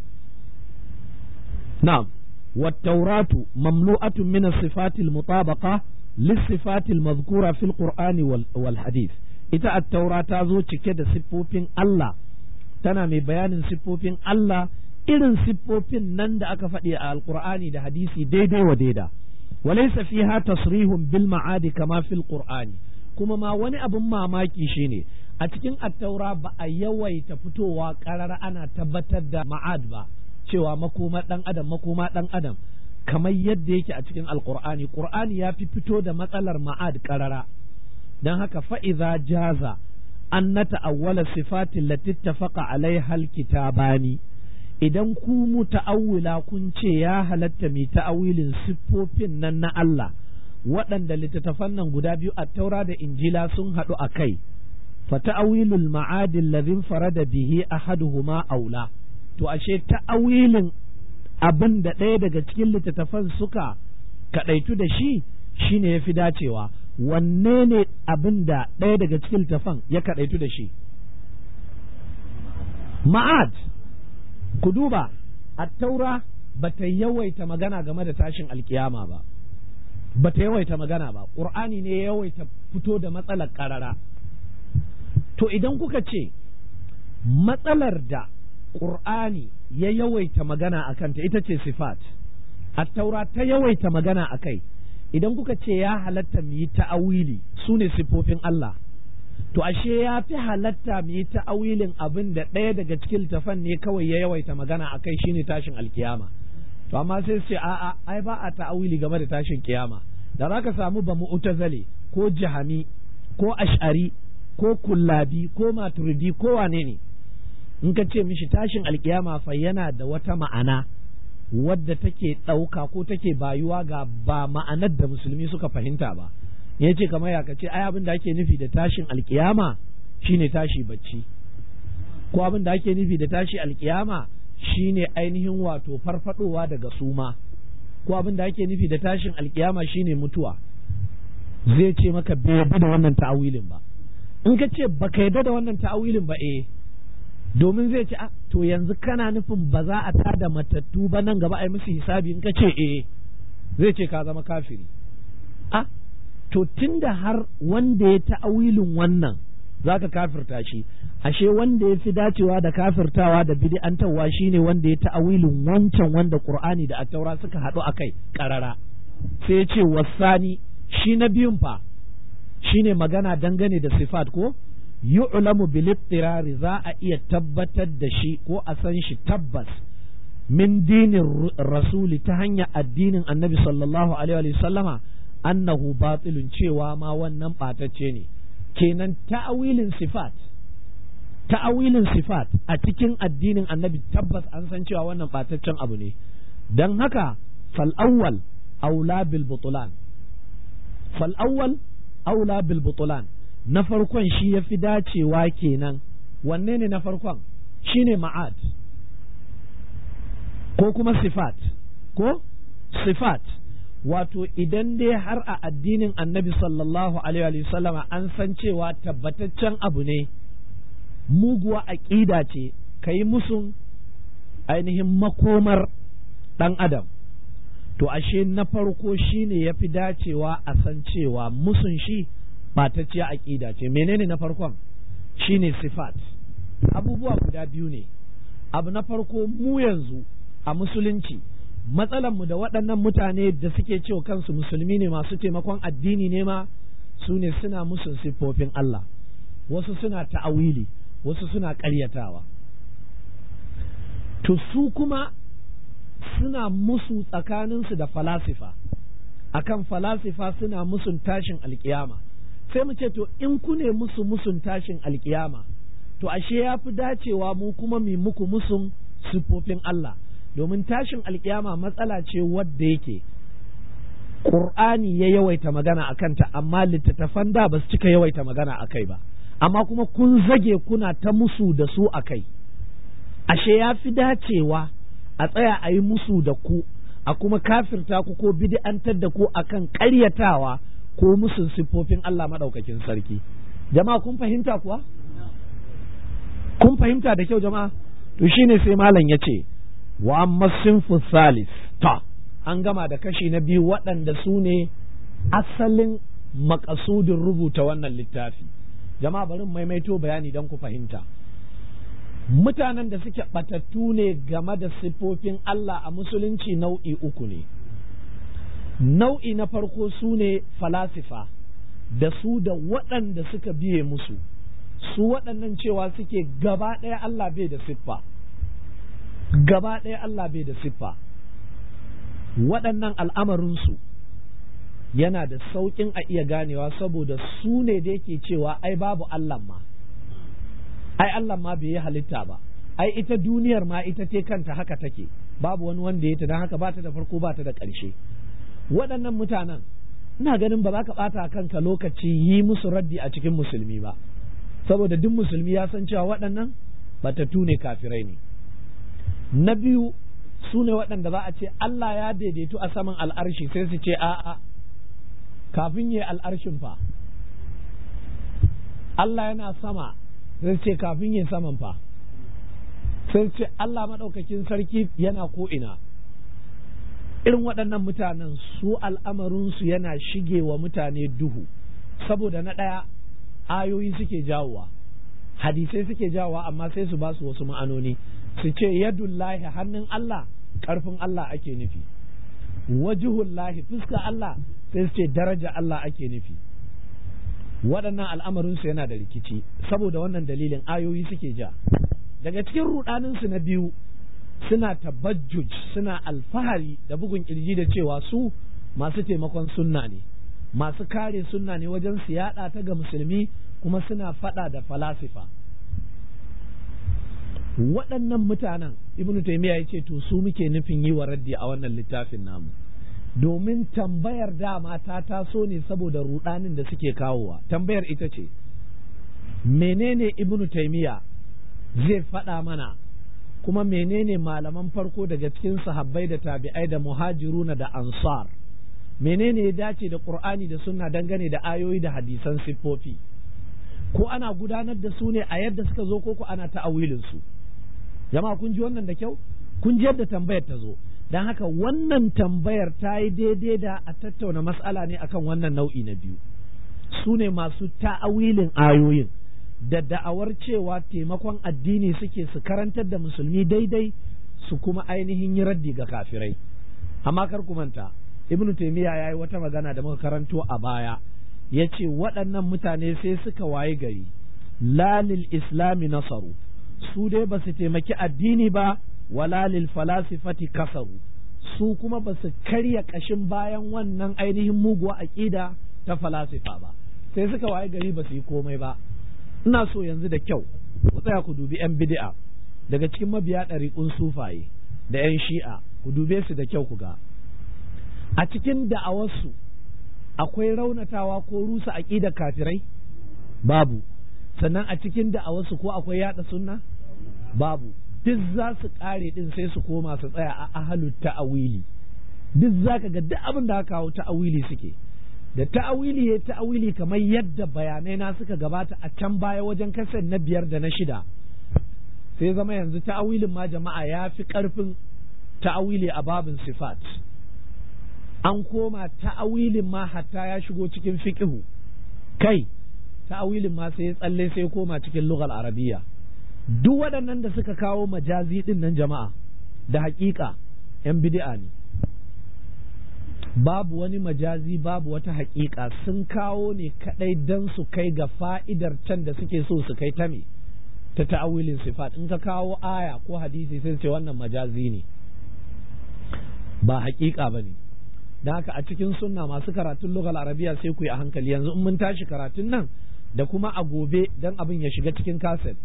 na'am والتوراة مملوءة sifatil الصفات lissifatil mazkura fil qur'ani wal hadith ita attaura ta zo cike da siffofin Allah tana mai bayanin siffofin Allah irin siffofin nan da aka faɗi a Alƙur'ani da hadisi daidai wa daida walaysa fiha tasrihun bil ma'adi kama fil qur'ani kuma ma wani abin mamaki shine a cikin attaura ba a yawaita fitowa karar ana tabbatar da ma'ad ba cewa makoma dan adam makoma dan adam kamar yadda yake a cikin alkur'ani ƙur'ani ya fi fito da matsalar ma'ad karara don haka fa'iza jaza an na ta'awwala sifatin latittafaqa alaiha alkitabani idan ku mu ta'awula kun ce ya halatta mai ta'awilin siffofin nan na Allah waɗanda littattafan nan guda biyu a taura da injila sun haɗu a kai fa ta'awilul ma'adin ladhin da bihi ahaduhuma aula to ashe ta'awilin abin da ɗaya daga cikin littattafan suka kaɗaitu da shi shine yafi dacewa wanne ne abin da ɗaya daga cikin littattafan ya kaɗaitu da shi ma'ad ku duba attaura ba ta yawaita magana game da tashin alkiyama ba ba ta yawaita magana ba ƙur'ani ne ya yawaita fito da matsalar ƙarara to idan kuka ce matsalar da ƙur'ani ya yawaita magana a kanta ita ce sifat a taura ta yawaita magana a kai idan kuka ce ya halatta mu yi ta'awili su ne siffofin Allah to ashe ya fi halatta mu yi ta'awilin abin da ɗaya daga cikin tafan ne kawai ya yawaita magana a kai shine tashin alkiyama to amma sai su ce a'a ai ba a ta'awili game da tashin kiyama da za ka samu ba mu'tazali ko jahami ko ash'ari ko kullabi ko maturidi ko wane ne in ka ce mishi tashin alkiyama fa yana da wata ma'ana wadda take ɗauka ko take bayuwa ga ba ma'anar da musulmi suka fahimta ba ya ce kamar ya kace ai abin da ake nufi da tashin alkiyama shine tashi bacci ko abin da ake nufi da tashi alkiyama shine ainihin wato farfadowa daga suma ko abin da ake nufi da tashin alkiyama shine mutuwa zai ce maka bai yarda da wannan ta'awilin ba in ka ce baka yarda da wannan ta'awilin ba eh domin zai ce ah, to yanzu kana nufin ba za a tada matattu ba nan gaba ai musu hisabi in ka ce eh zai ce ka zama kafiri a ah, to tunda har wanda ya ta'awilin wannan za ka kafirta shi ashe wanda ya fi dacewa da kafirtawa da shi shine wanda ya ta'awilin wancan wanda Qur'ani da Attaura suka haɗu a kai. karara sai ya ce wasani shi na biyun fa shi ne magana dangane da sifat ko yu'lamu bil ittirari za a iya tabbatar da shi ko a san shi tabbas min dinin rasuli ta hanyar addinin annabi sallallahu alaihi wa sallama annahu batilun cewa ma wannan ɓatacce ne kenan ta'awilin sifat ta'awilin sifat a cikin addinin annabi tabbas an san cewa wannan ɓataccen abu ne don haka fal'awwal aula bil butulan fal'awwal aula bil butulan na farkon shi ya fi dacewa kenan wanne ne na farkon shine ma'ad ko kuma sifat ko sifat wato idan dai har a addinin annabi sallallahu alaihi sallama an san cewa tabbataccen abu ne muguwa aƙida ce ka yi musun ainihin makomar ɗan adam to ashe na farko shine ya fi dacewa a san cewa musun shi ɓatacciya aƙida ce menene na farkon shine sifat abubuwa guda biyu ne abu na farko mu yanzu a musulunci matsalan mu da waɗannan mutane da suke cewa kansu musulmi ne masu taimakon addini ne ma su ne suna musun siffofin Allah wasu suna ta'awili wasu suna ƙaryatawa to su kuma suna musu tsakaninsu da falasifa akan falasifa suna musun tashin alkiyama sai mu ce to in ku ne musu musun tashin alkiyama to ashe ya fi dacewa mu kuma mu muku musun siffofin Allah domin tashin alkiyama matsala ce wadda yake Ƙur'ani ya yawaita magana a kanta amma littattafan da ba su cika yawaita magana a kai ba amma kuma kun zage kuna ta musu da su a kai ashe ya fi dacewa a tsaya a yi musu da ku a kuma kafirta ku ko bid'antar da ku akan ƙaryatawa ko musun siffofin Allah maɗaukakin sarki jama'a kun fahimta kuwa kun fahimta da kyau jama'a to ne sai malam ya ce wa amma sinfu salis ta an gama da kashi na biyu waɗanda su ne asalin makasudin rubuta wannan littafi jama'a bari maimaito bayani don ku fahimta mutanen da suke batattu ne game da siffofin Allah a musulunci nau'i uku ne nau'i na farko su ne falasifa da su da waɗanda suka biye musu su waɗannan cewa suke gaba ɗaya Allah bai da siffa gaba ɗaya Allah bai da siffa waɗannan al'amarinsu yana da sauƙin a iya ganewa saboda su ne da yake cewa ai babu Allah ma ai Allah ma bai yi halitta ba ai ita duniyar ma ita ce kanta haka take babu wani wanda ya ta don haka bata da farko bata da ƙarshe waɗannan mutanen ina ganin ba za ka ɓata ka lokaci yi musu raddi a cikin musulmi ba saboda duk musulmi ya san cewa waɗannan batattu ne kafirai ne na biyu su ne waɗanda za a ce Allah ya daidaitu a saman al'arshi sai su ce a'a kafin yi al'arshin fa Allah yana sama sai su ce kafin yi saman fa sai su ce Allah maɗaukakin sarki yana ko'ina irin waɗannan mutanen su al'amarinsu yana shige wa mutane duhu saboda na ɗaya ayoyi suke jawowa hadisai suke jawowa amma sai su ba su wasu ma'anoni su ce yadullahi hannun Allah ƙarfin Allah ake nufi lahi fuska Allah sai su ce daraja Allah ake nufi waɗannan al'amarinsu yana da rikici saboda wannan dalilin ayoyi suke ja daga cikin ruɗaninsu na biyu suna tabajjuj suna alfahari da bugun ƙirji da cewa su masu taimakon sunna ne masu kare sunna ne wajen su yaɗa ta ga musulmi kuma suna faɗa da falasifa waɗannan mutanen ibn taymiya ya ce to su muke nufin yi wa raddi a wannan littafin namu domin tambayar dama ta taso ne saboda rudanin da suke kawowa tambayar ita ce menene ibn taymiya zai faɗa mana kuma menene malaman farko daga cikin sahabbai da tabi'ai da muhajiruna da ansar menene ya dace da qur'ani da sunna dangane da ayoyi da hadisan siffofi ko ana gudanar da su ne a yadda suka zo ko ana ta'awilin su jama'a kun ji wannan da kyau kun ji yadda tambayar ta zo don haka wannan tambayar ta yi daidai da a tattauna matsala ne akan wannan nau'i na biyu su ne masu ta'awilin ayoyin da da'awar cewa taimakon addini suke su karantar da musulmi daidai su kuma ainihin yi raddi ga kafirai amma kar ku manta ibnu ya yi wata magana da muka karanto a baya ya ce waɗannan mutane sai suka waye gari lalil islami nasaru su dai ba su taimaki addini ba wala lil falasifati kasaru su kuma ba su karya kashin bayan wannan ainihin muguwa aƙida ta falasifa ba sai suka waye gari ba su yi komai ba ina so yanzu da kyau ku tsaya ku dubi yan bid'a daga cikin mabiya ɗariƙun sufaye da yan shi'a ku dube su da kyau ku ga a cikin da a wasu akwai raunatawa ko rusa aƙidar kafirai babu sannan a cikin wasu ko akwai yada sunna babu duk za su kare din sai su koma su tsaya a ahalu ta'awili duk zaka ga duk abin da aka kawo ta'awili suke da ta'awili ya ta'awili kamar yadda bayanai na suka gabata a can baya wajen kasar na biyar da na shida sai zama yanzu ta'awilin ma jama'a ya fi karfin ta'awili a babin sifat an koma ta'awilin ma hatta ya shigo cikin fiƙihu kai ta'awilin ma sai tsalle sai koma cikin lugal arabiya duk waɗannan da suka kawo majazi din nan jama'a da haƙiƙa yan bid'a ne babu wani majazi babu wata haƙiƙa sun kawo ne kaɗai don su kai ga fa'idar can da suke so su kai ta ta ta'awilin sifat in ka kawo aya ko hadisi sai ce wannan majazi ne ba haƙiƙa ba ne da haka a cikin sunna masu karatun lugal arabiya sai ku yi a hankali yanzu in mun tashi karatun nan da kuma a gobe don abin ya shiga cikin kaset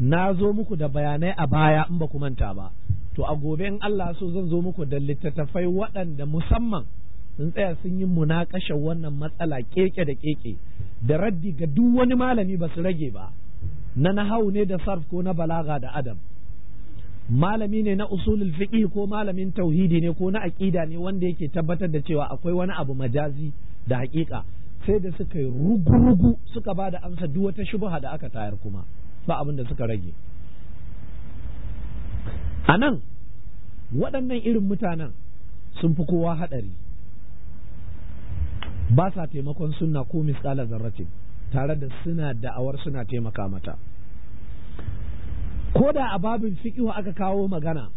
na zo muku da bayanai a baya in ba ku manta ba to a gobe in Allah so zan zo muku da littattafai waɗanda musamman sun tsaya sun yi munakashar wannan matsala keke da keke da raddi ga duk wani malami ba su rage ba na nahau ne da sarf ko na balaga da adam malami ne na usulul fiqh ko malamin tauhidi ne ko na aqida ne wanda yake tabbatar da cewa akwai wani abu majazi da haƙiƙa sai da suka yi rugu-rugu suka ba da amsa duk wata shubuha da aka tayar kuma ba abin da suka rage a nan waɗannan irin mutanen sun fi kowa haɗari ba sa taimakon sunna ko misala zarratin tare da suna da'awar suna taimaka mata ko da a babin fiƙiwa aka kawo magana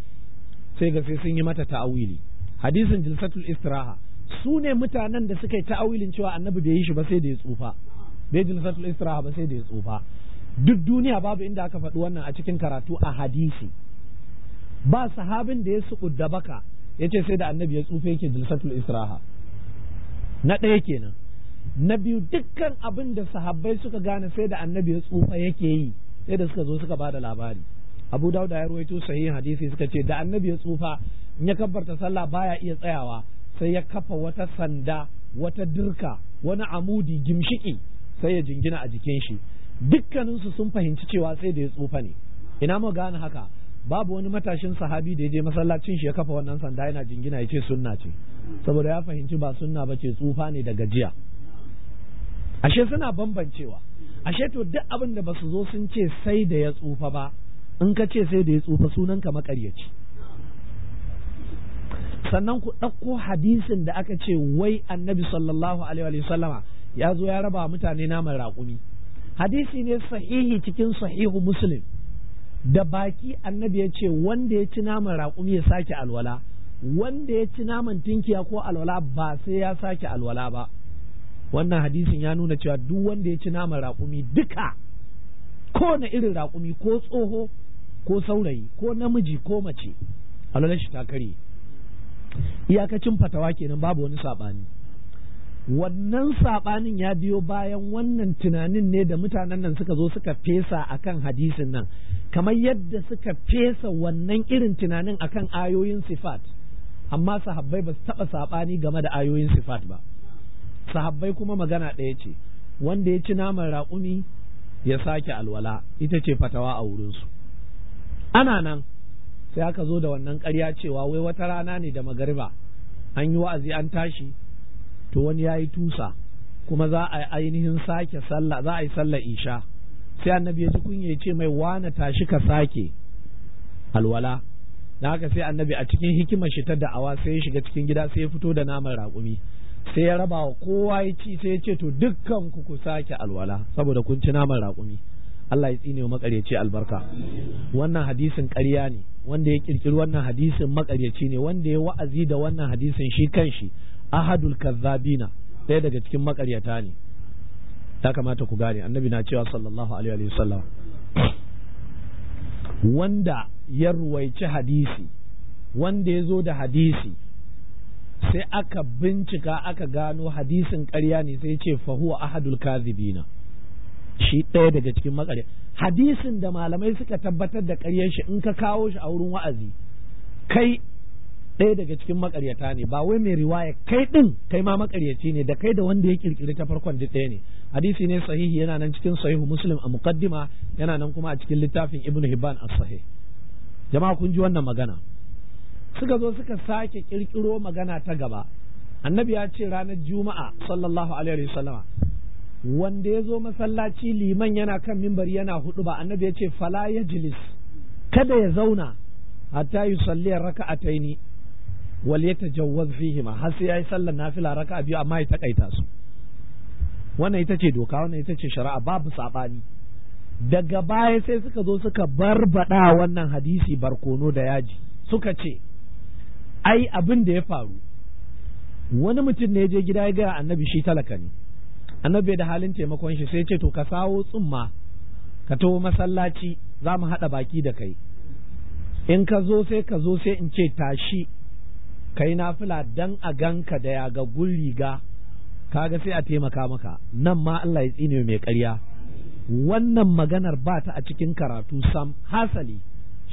sai ga sai sun yi mata ta'awili hadisin jilsatul istiraha su ne mutanen da suka yi ta'awilin cewa annabi bai yi shi ba sai da ya tsufa bai jilsatul istiraha ba sai da ya tsufa duk duniya babu inda aka faɗi wannan a cikin karatu a hadisi ba sahabin da ya suƙu da baka ya ce sai da annabi ya tsufa yake jilsatul istiraha na ɗaya kenan na biyu dukkan abin da sahabbai suka gane sai da annabi ya tsufa yake yi sai da suka zo suka bada labari abu dauda ya ruwaito sahihin hadisi suka ce da annabi ya tsufa in ya kabbarta sallah baya iya tsayawa sai ya kafa wata sanda wata dirka wani amudi gimshiki sai ya jingina a jikin shi dukkaninsu sun fahimci cewa sai da ya tsufa ne ina mu gane haka babu wani matashin sahabi da ya je masallacin shi ya kafa wannan sanda yana jingina ya ce sunna ce saboda ya fahimci ba sunna ba ce tsufa ne da gajiya ashe suna bambancewa ashe to duk abin da ba su zo sun ce sai da ya tsufa ba in ka ce sai da ya tsufa sunanka makaryaci sannan ku ɗauko hadisin da aka ce wai annabi sallallahu alaihi wa sallama ya zo ya raba mutane naman raƙumi hadisi ne sahihi cikin sahihu muslim da baki annabi ya ce wanda ya ci naman raƙumi ya sake alwala wanda ya ci naman tinkiya ko alwala ba sai ya sake alwala ba wannan hadisin ya nuna cewa duk wanda ya ci naman raƙumi duka ko na irin raƙumi ko tsoho ko saurayi ko namiji ko mace alwala shi ta karye iyakacin fatawa kenan babu wani saɓani wannan saɓanin ya biyo bayan wannan tunanin ne da mutanen nan suka zo suka fesa akan hadisin nan kamar yadda suka fesa wannan irin tunanin akan ayoyin sifat amma sahabbai ba su taɓa saɓani game da ayoyin sifat ba sahabbai kuma magana ɗaya ce wanda ya ci naman raƙumi ya sake alwala ita ce fatawa a wurinsu ana nan sai aka zo da wannan ƙarya cewa wai wata rana ne da magariba an yi wa'azi an tashi to wani ya yi tusa kuma za a ainihin sake sallah za a yi sallah isha sai annabi ya ji kunya ya ce mai wane tashi ka sake alwala da haka sai annabi a cikin hikimar shi ta da'awa sai ya shiga cikin gida sai ya fito da naman raƙumi sai ya raba wa kowa ya ci sai ya ce to dukkan ku ku sake alwala saboda kun ci naman raƙumi Allah ya tsine wa makaryaci albarka wannan hadisin ƙarya ne wanda ya kirkiri wannan hadisin makaryaci ne wanda ya wa'azi da wannan hadisin shi kanshi ahadul kazzabina ɗaya daga cikin makaryata ne ya kamata ku gane annabi na cewa sallallahu alaihi wa sallam wanda ya ruwaici hadisi wanda ya zo da hadisi sai aka bincika aka gano hadisin ƙarya ne sai ce fahuwa ahadul kazibina shi ɗaya daga cikin hadisin da malamai suka tabbatar da ƙaryar shi in ka kawo shi a wurin wa'azi kai ɗaya daga cikin makaryata ne ba wai mai riwaya kai ɗin kai ma makaryaci ne da kai da wanda ya kirkiri ta farkon duk ɗaya ne hadisi ne sahihi yana nan cikin sahihu muslim a muqaddima yana nan kuma a cikin littafin ibnu hibban as-sahih jama'a kun ji wannan magana suka zo suka sake ƙirƙiro magana ta gaba annabi ya ce ranar juma'a sallallahu alaihi wasallama wanda ya zo masallaci liman yana kan mimbari yana hudu ba annabi ya ce fala ya jilis kada ya zauna hatta yi salliyar raka a taini wal ya tajawwaz fihima har sai ya yi sallar nafila raka a biyu amma ya takaita su wannan ita ce doka wannan ita ce shari'a babu saɓani daga baya sai suka zo suka barbaɗa wannan hadisi barkono da yaji suka ce ai abin da ya faru wani mutum ne ya je gida ya gaya annabi shi talaka ne annabi da halin taimakon shi sai ce to ka sawo tsumma ka taho masallaci za mu haɗa baki da kai in ka zo sai ka zo sai in ce tashi kai na fila dan a ganka da ya ga riga ga sai a taimaka maka nan ma Allah ya tsine mai ƙarya wannan maganar ba ta a cikin karatu sam hasali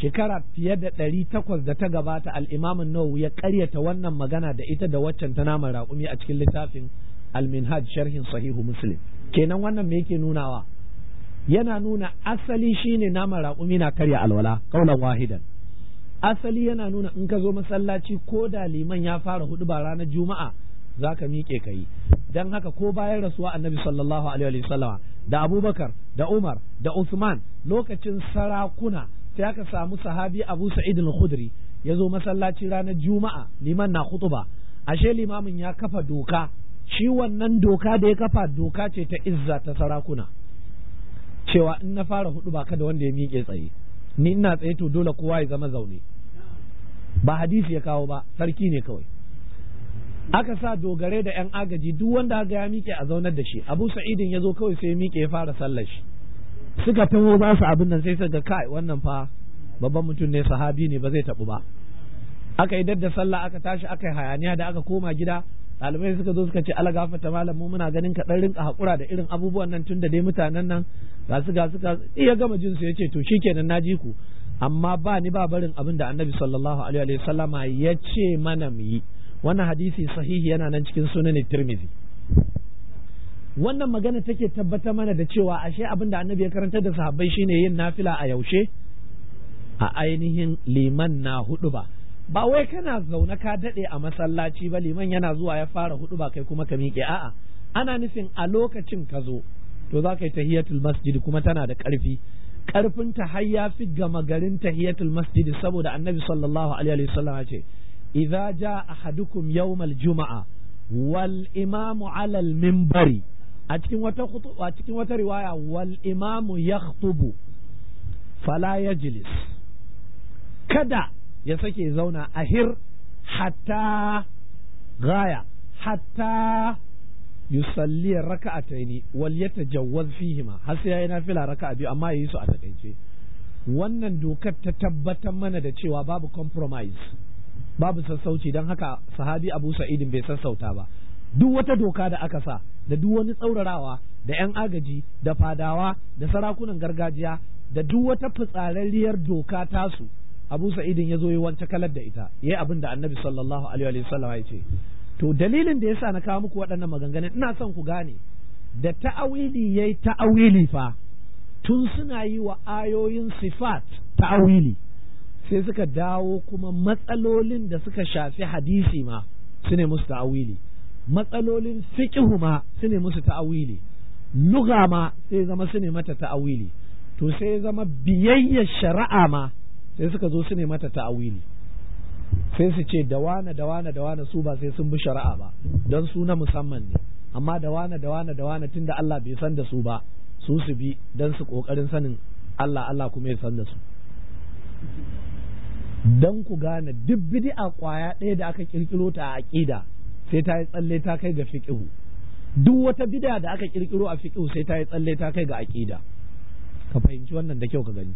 shekara fiye da ɗari takwas da ta gabata al'imamin nawa ya karyata wannan magana da ita da waccan ta naman raƙumi a cikin littafin al-minhaj sharhin sahihu muslim kenan wannan me yake nunawa yana nuna asali shine na raƙumi na karya alwala kaulan wahidan asali yana nuna in ka zo masallaci ko da liman ya fara hudu ba ranar juma'a zaka miƙe kai dan haka ko bayan rasuwa annabi sallallahu alaihi wa sallama da abubakar da umar da usman lokacin sarakuna sai aka samu sahabi abu sa'id al-khudri ya zo masallaci ranar juma'a liman na khutuba ashe limamin ya kafa doka shi wannan doka da ya kafa doka ce ta izza ta sarakuna cewa in na fara hudu ba kada wanda ya miƙe tsaye ni ina tsaye to dole kowa ya zama zaune ba hadisi ya kawo ba sarki ne kawai aka sa dogare da 'yan agaji duk wanda aga ya miƙe a zaunar da shi abu sa'idin ya zo kawai sai ya miƙe ya fara sallar shi suka tawo ba su abin nan sai su ga kai wannan fa babban mutum ne sahabi ne ba zai tabu ba aka yi dadda sallah aka tashi aka yi hayaniya da aka koma gida ɗalibai suka zo suka ce ala gafata malam mu muna ganin ka ɗan rinka hakura da irin abubuwan nan tun da dai mutanen nan ga su ga suka iya gama jin su ya ce to shikenan na ji ku amma ba ni ba barin abin da annabi sallallahu alaihi wa sallama ya ce mana mu yi wannan hadisi sahihi yana nan cikin sunan tirmidhi wannan magana take tabbatar mana da cewa ashe abin da annabi ya karantar da sahabbai shine yin nafila a yaushe a ainihin liman na hudu ba ba wai kana zaune ka daɗe a masallaci ba liman yana zuwa ya fara hudu ba kai kuma ka miƙe a'a ana nufin a lokacin ka zo to za ka yi tahiyatul masjid kuma tana da ƙarfi ƙarfin ta har ya fi gama garin tahiyatul masjid saboda annabi sallallahu alaihi sallam ya ce idza jaa ahadukum yawmal juma'a wal imamu ala al minbari a cikin wata a cikin wata riwaya wal imamu yakhtubu fala yajlis kada ya sake zauna a hir hatta gaya hatta yusalli raka'ataini wal yatajawwaz fihima har sai yayi nafila a biyu amma yayi su a takaice wannan dokar ta tabbatar mana da cewa babu compromise babu sassauci don haka sahabi Abu Sa'idin bai sassauta ba duk wata doka da aka sa da duk wani tsaurarawa da 'yan agaji da fadawa da sarakunan gargajiya da duk wata fitsararriyar doka tasu abu sa'idin ya zo yi wance kalar da ita ya abin da annabi sallallahu alaihi wasallam ya ce to dalilin da yasa na kawo muku waɗannan maganganun ina son ku gane da ta'awili yayi ta'awili fa tun suna yi wa ayoyin sifat ta'awili sai suka dawo kuma matsalolin da suka shafi hadisi ma su ne musu ta'awili matsalolin fiqhu ma su ne musu ta'awili lugha ma sai zama su ne mata ta'awili to sai zama biyayyar shari'a ma sai suka zo su ne mata ta'awili sai su ce dawana dawana dawana su ba sai sun bi shari'a ba don su na musamman ne amma dawana dawana dawana tunda Allah bai san da su ba su su bi don su kokarin sanin Allah Allah kuma ya san da su don ku gane duk bid'a kwaya ɗaya da aka kirkiro ta a aƙida sai ta yi tsalle ta kai ga fiqhu duk wata bid'a da aka kirkiro a fiqhu sai ta yi tsalle ta kai ga aƙida ka fahimci wannan da kyau ka gani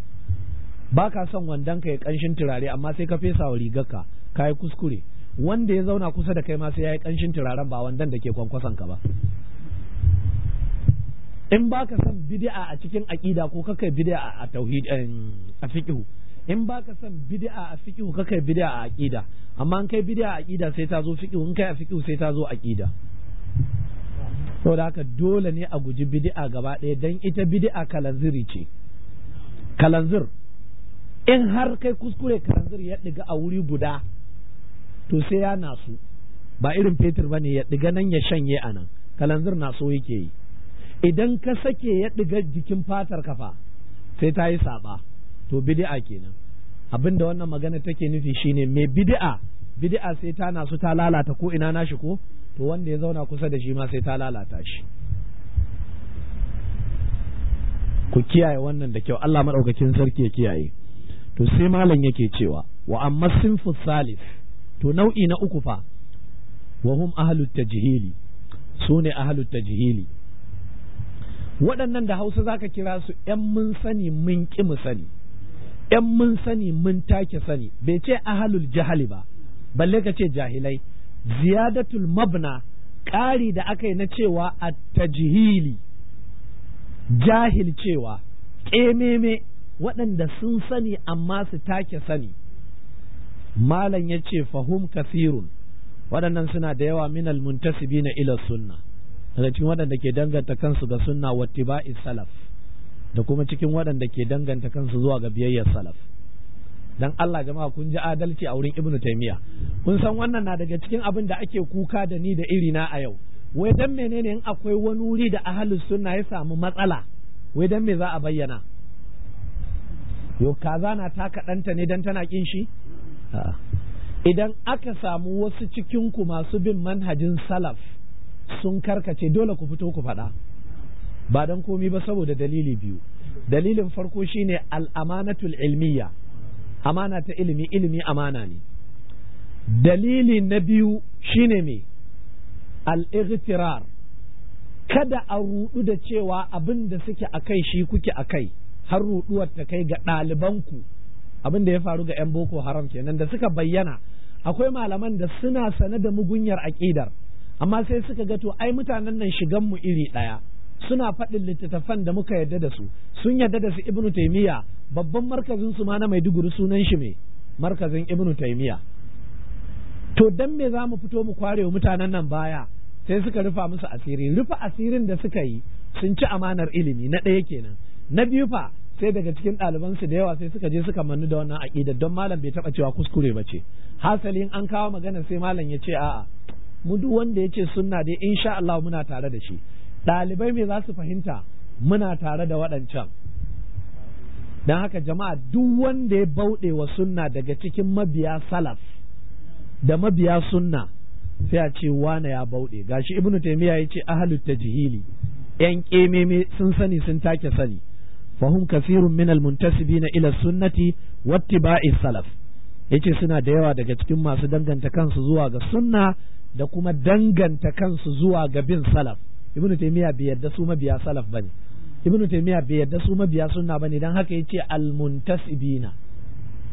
ba ka son ka ya kanshin turare amma sai ka fesa wa rigarka ka yi kuskure wanda ya zauna kusa da kai ma sai ya yi kanshin turaren ba wandon da ke kwankwason ka ba in ba ka son bid'a a cikin aƙida ko kakai bid'a a tauhid eh, a fiqhu in ba ka son bid'a a fiqhu kakai bid'a a aƙida amma in kai bid'a a aƙida sai ta zo fiqhu in kai a fiqhu sai ta zo aƙida saboda haka dole ne a guji bid'a gaba ɗaya dan ita bid'a kalanzir ce kalanzir in har kai kuskure karanzir ya ɗiga a wuri guda to sai ya nasu ba irin fetur ba ne ya ɗiga nan ya shanye a nan kalanzir naso yake yi idan ka sake ya ɗiga jikin fatar kafa sai ta yi saɓa to bidi'a kenan abin da wannan magana take nufi shine mai bidi'a bidi'a sai ta nasu ta lalata ko ina nashi ko to wanda ya zauna kusa da shi ma sai ta lalata shi ku kiyaye wannan da kyau Allah maɗaukakin sarki ya kiyaye to sai malam yake cewa wa amma sinfu salis to nau'i na uku fa wa hum ahlut tajhili su ne ahlut tajhili waɗannan da Hausa zaka kira su ‘yan mun sani mun ƙi mu sani, ‘yan mun sani mun take sani, bai ce ahlul jahali ba, balle ka ce jahilai, ziyadatul mabna ƙari da aka yi na cewa a tajihili, jahil cewa, ƙememe waɗanda sun sani amma su take sani malam ya ce fahum kafirun waɗannan suna da yawa minal na ila sunna daga cikin waɗanda ke danganta kansu ga sunna wa tiba'i salaf da kuma cikin waɗanda ke danganta kansu zuwa ga biyayyar salaf dan Allah jama'a kun ji adalci a wurin Ibn Taymiyyah kun san wannan na daga cikin abin da ake kuka da ni da irina a yau wai dan menene in akwai wani wuri da ahlus sunna ya samu matsala wai dan me za a bayyana yo kaza na taka ɗanta ne dan tana kin shi idan aka samu wasu cikin ku masu bin manhajin salaf sun karkace dole ku fito ku faɗa ba dan komi ba saboda dalili biyu dalilin farko shine al'amanatul ilmiya amana ta ilimi ilimi amana ne dalili na biyu shine me al kada a rudu da cewa abinda suke a kai shi kuke a kai har ruduwar ta kai ga ɗalibanku abin da ya faru ga 'yan boko haram kenan da suka bayyana akwai malaman da suna sane da mugunyar aƙidar amma sai suka ga to ai mutanen nan shigan mu iri ɗaya suna faɗin littattafan da muka yadda da su sun yadda da su ibnu Taimiyya babban markazin su ma na maiduguri sunan shi me markazin ibnu Taimiyya. to dan me za mu fito mu kware mutanen nan baya sai suka rufa musu asiri rufa asirin da suka yi sun ci amanar ilimi na ɗaya kenan na biyu fa sai daga cikin ɗalibansu da yawa sai suka je suka mannu da wannan aƙidar don malam bai taɓa cewa kuskure ba ce hasalin an kawo magana sai malam ya ce a'a mu duk wanda ya ce sunna dai insha Allah muna tare da shi ɗalibai me za su fahimta muna tare da waɗancan don haka jama'a duk wanda ya bauɗe wa sunna daga cikin mabiya salaf da mabiya sunna sai a ce wane ya bauɗe gashi ibnu taymiya ya ce ahlut tajhili yan kememe sun sani sun take sani fa hum kathirun min na ila sunnati wattiba'i salaf yace suna da yawa daga cikin masu danganta kansu zuwa ga sunna da kuma danganta kansu zuwa ga bin salaf ibnu taymiya bai yarda su mabiya salaf bane ibnu taymiya bai yarda su mabiya sunna bane dan haka yace almuntasibina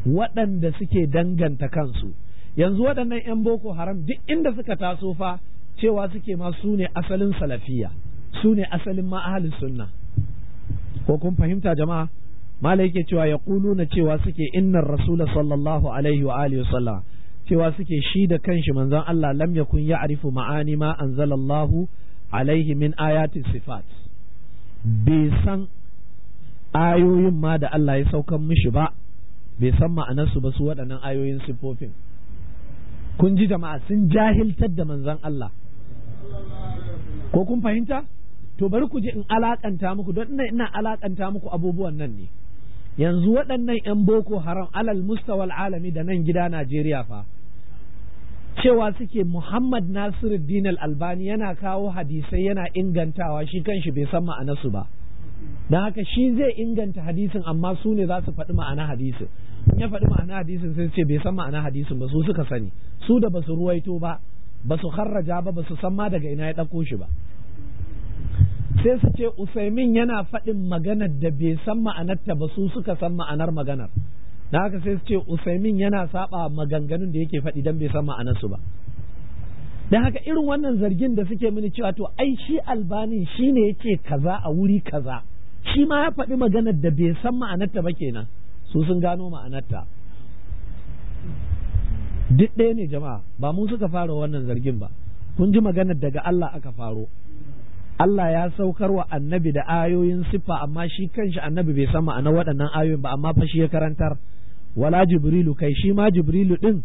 waɗanda suke danganta kansu yanzu waɗannan 'yan boko haram duk inda suka taso fa cewa suke ma su ne asalin salafiya su ne asalin ma ahalin sunna ko kun fahimta jama'a malai yake cewa ya na cewa suke innar rasula sallallahu alaihi wa alihi wasallam cewa suke shi da kanshi manzon Allah lam yakun ya'rifu ma'ani ma anzalallahu alaihi min ayati sifat bai san ayoyin ma da Allah ya saukan mishi ba bai san ma'anarsu ba su waɗannan ayoyin siffofin kun ji jama'a sun jahiltar da manzon Allah ko kun fahimta to bari ku ji in alakanta muku don ina ina alakanta muku abubuwan nan ne yanzu waɗannan 'yan boko haram alal mustawal alami da nan gida Najeriya fa cewa suke Muhammad Nasiru Dinal albani yana kawo hadisai yana ingantawa shi kanshi bai san ma'anarsu ba don haka shi zai inganta hadisin amma su ne za su faɗi ma'ana hadisin in ya faɗi ma'ana hadisin sai ce bai san ma'ana hadisin ba su suka sani su da basu ruwaito ba su kharraja ba su san ma daga ina ya ɗauko shi ba sai su ce usaimin yana faɗin maganar da bai san ma'anarta ba su suka san ma'anar maganar da haka sai su ce usaimin yana saba maganganun da yake faɗi dan bai san ma'anarsu ba da haka irin wannan zargin da suke mini cewa to ai shi albani shi ne yake kaza a wuri kaza shi ma ya faɗi maganar da bai san ma'anarta ba kenan su sun gano ma'anarta duk ɗaya ne jama'a ba mu suka fara wannan zargin ba kun ji maganar daga Allah aka faro Allah ya saukar wa annabi da ayoyin siffa amma shi kanshi annabi bai san ma'anar waɗannan ayoyin ba amma fa shi ya karantar wala jibrilu kai shi ma jibrilu din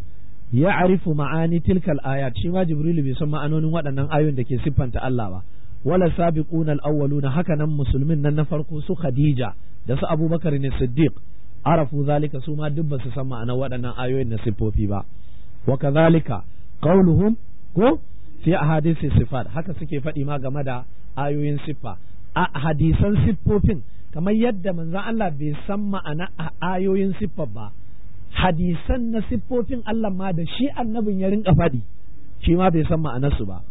ya arifu ma'ani tilkal ayat shi ma jibrilu bai san ma'anonin waɗannan ayoyin da ke siffanta Allah ba wala sabiquna al-awwaluna haka nan musulmin nan na farko su Khadija da su Abubakar ne Siddiq arafu zalika su ma duk ba su san ma'anar waɗannan ayoyin na siffofi ba wa kadhalika qauluhum ko fi ahadisi sifat haka suke faɗi ma game da ayoyin siffa a hadisan siffofin kamar yadda manzan Allah bai san ma'ana ayoyin siffa ba hadisan na siffofin Allah ma da shi annabin ya rinka faɗi shi ma bai san ma'anarsu ba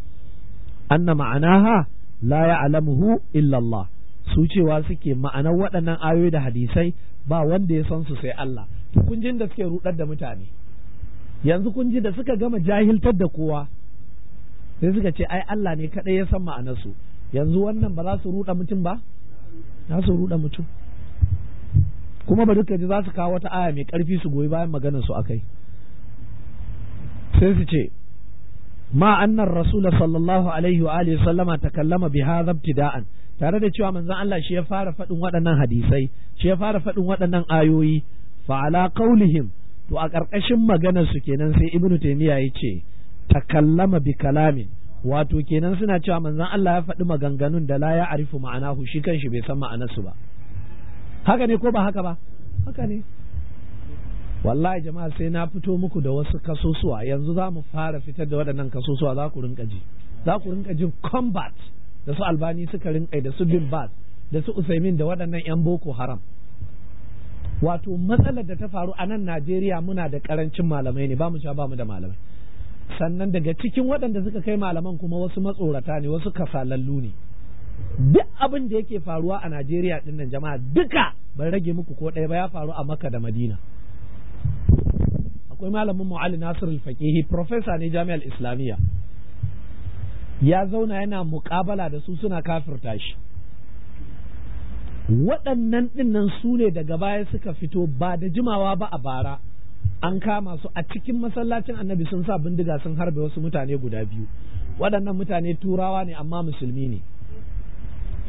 anna ma'anaha la ya'lamuhu illa Allah su cewa suke ma'anar waɗannan ayoyi da hadisai ba wanda ya san su sai Allah to kun jin da suke rudar da mutane yanzu kun ji da suka gama jahiltar da kowa sai suka ce ai Allah ne kadai ya san ma'anar su yanzu wannan ba za su ruɗa mutum ba za su ruɗa mutum kuma ba duka ji za su kawo wata aya mai ƙarfi su goyi bayan maganar su akai sai su ce ma annar rasula sallallahu alaihi wa alihi sallama takallama bi hadha ibtida'an tare da cewa manzon Allah shi ya fara faɗin waɗannan hadisai shi ya fara faɗin waɗannan ayoyi fa ala qaulihim to a ƙarƙashin maganar su kenan sai ibnu taymiya yace takallama bi kalamin wato kenan suna cewa manzan Allah ya faɗi maganganun da la ya arifu ma'anahu shi kanshi bai san ma'anarsu ba haka ne ko ba haka ba haka ne wallahi jama'a sai na fito muku da wasu kasusuwa yanzu za mu fara fitar da waɗannan kasusuwa za ku rinka ji za ku rinka jin combat da su albani suka rinka da su bin da su usaimin da waɗannan yan boko haram wato matsalar da ta faru a nan najeriya muna da karancin malamai ne ba mu sha ba mu da malamai sannan daga cikin waɗanda suka kai malaman kuma wasu matsorata ne wasu kasalallu ne duk abin da yake faruwa a Najeriya din nan jama'a duka ban rage muku ko ɗaya ba ya faru a Makka da Madina akwai malamin mu Ali Nasir al-Faqihi professor ne Jami'ar Islamiyya ya zauna yana muƙabala da su suna kafirta shi waɗannan ɗinnan su ne daga baya suka fito ba da jimawa ba a bara an kama su a cikin masallacin annabi sun sa bindiga sun harbe wasu mutane guda biyu waɗannan mutane turawa ne amma musulmi ne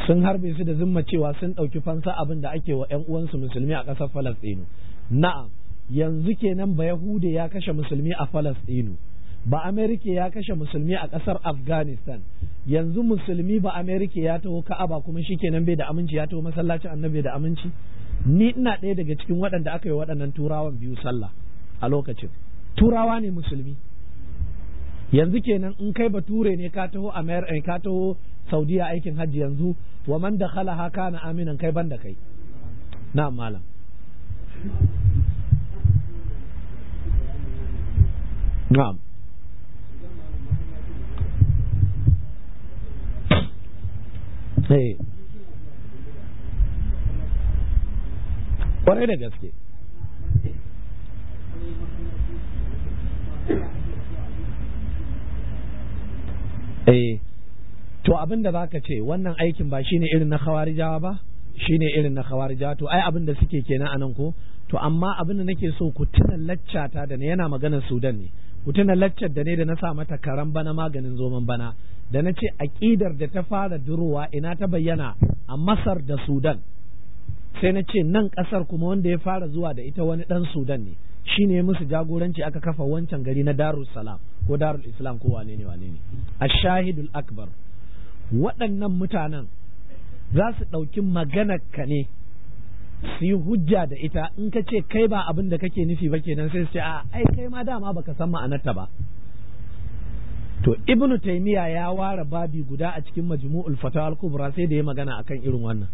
sun harbe su da zimma cewa sun ɗauki fansa abin da ake wa 'yan uwansu musulmi a ƙasar falastinu na'am yanzu kenan ba yahude ya kashe musulmi a falastinu ba amerika ya kashe musulmi a ƙasar afghanistan yanzu musulmi ba amerika ya taho ka'aba kuma shi kenan bai da aminci ya taho masallacin annabi da aminci ni ina ɗaya daga cikin waɗanda aka yi waɗannan turawan biyu sallah a lokacin turawa ne musulmi yanzu kenan in kai bature ne ka taho america eh, ka taho saudiya aikin hajji yanzu wa man da khala haka na aminan kai banda kai na malam na'am eh. kwarai da gaske eh to abin da baka ce wannan aikin ba shine irin na khawarijawa ba shine irin na khawarijawa to ai abin da suke kenan anan ko to amma abin da nake so ku tuna laccata da ne yana maganar Sudan ne ku tuna laccar da ne da na sa mata karan bana maganin zoman bana da na ce aƙidar da ta fara durowa ina ta bayyana a Masar da Sudan sai na ce nan ƙasar kuma wanda ya fara zuwa da ita wani ɗan Sudan ne shi ne musu jagoranci aka kafa wancan gari na darul salam ko darul islam ko wane ne wane ne ashahidul akbar waɗannan mutanen za su ɗauki maganar ka ne su yi hujja da ita in ka ce kai ba abin da kake nufi ba kenan sai su ce a ai kai ma dama baka san ma'anarta ba to ibnu taymiya ya ware babi guda a cikin majmu'ul fatawa al-kubra sai da ya magana akan irin wannan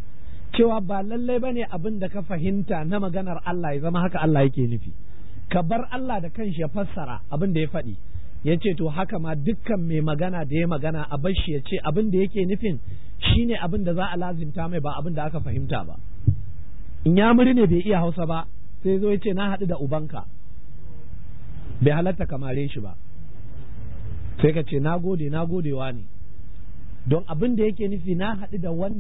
cewa ba lallai bane abin da ka fahimta na maganar Allah ya zama haka Allah yake nufi ka bar Allah da kanshi ya fassara abin da ya faɗi ya ce to haka ma dukkan mai magana da ya magana a bashi ya ce abin da yake nufin shine abin da za a lazimta mai ba abin da aka fahimta ba in ya muri ne bai iya hausa ba sai zo ya ce na haɗu da ubanka bai halatta kamare shi ba sai ka ce na gode na gode wa ne don abin da yake nufi na haɗu da wanda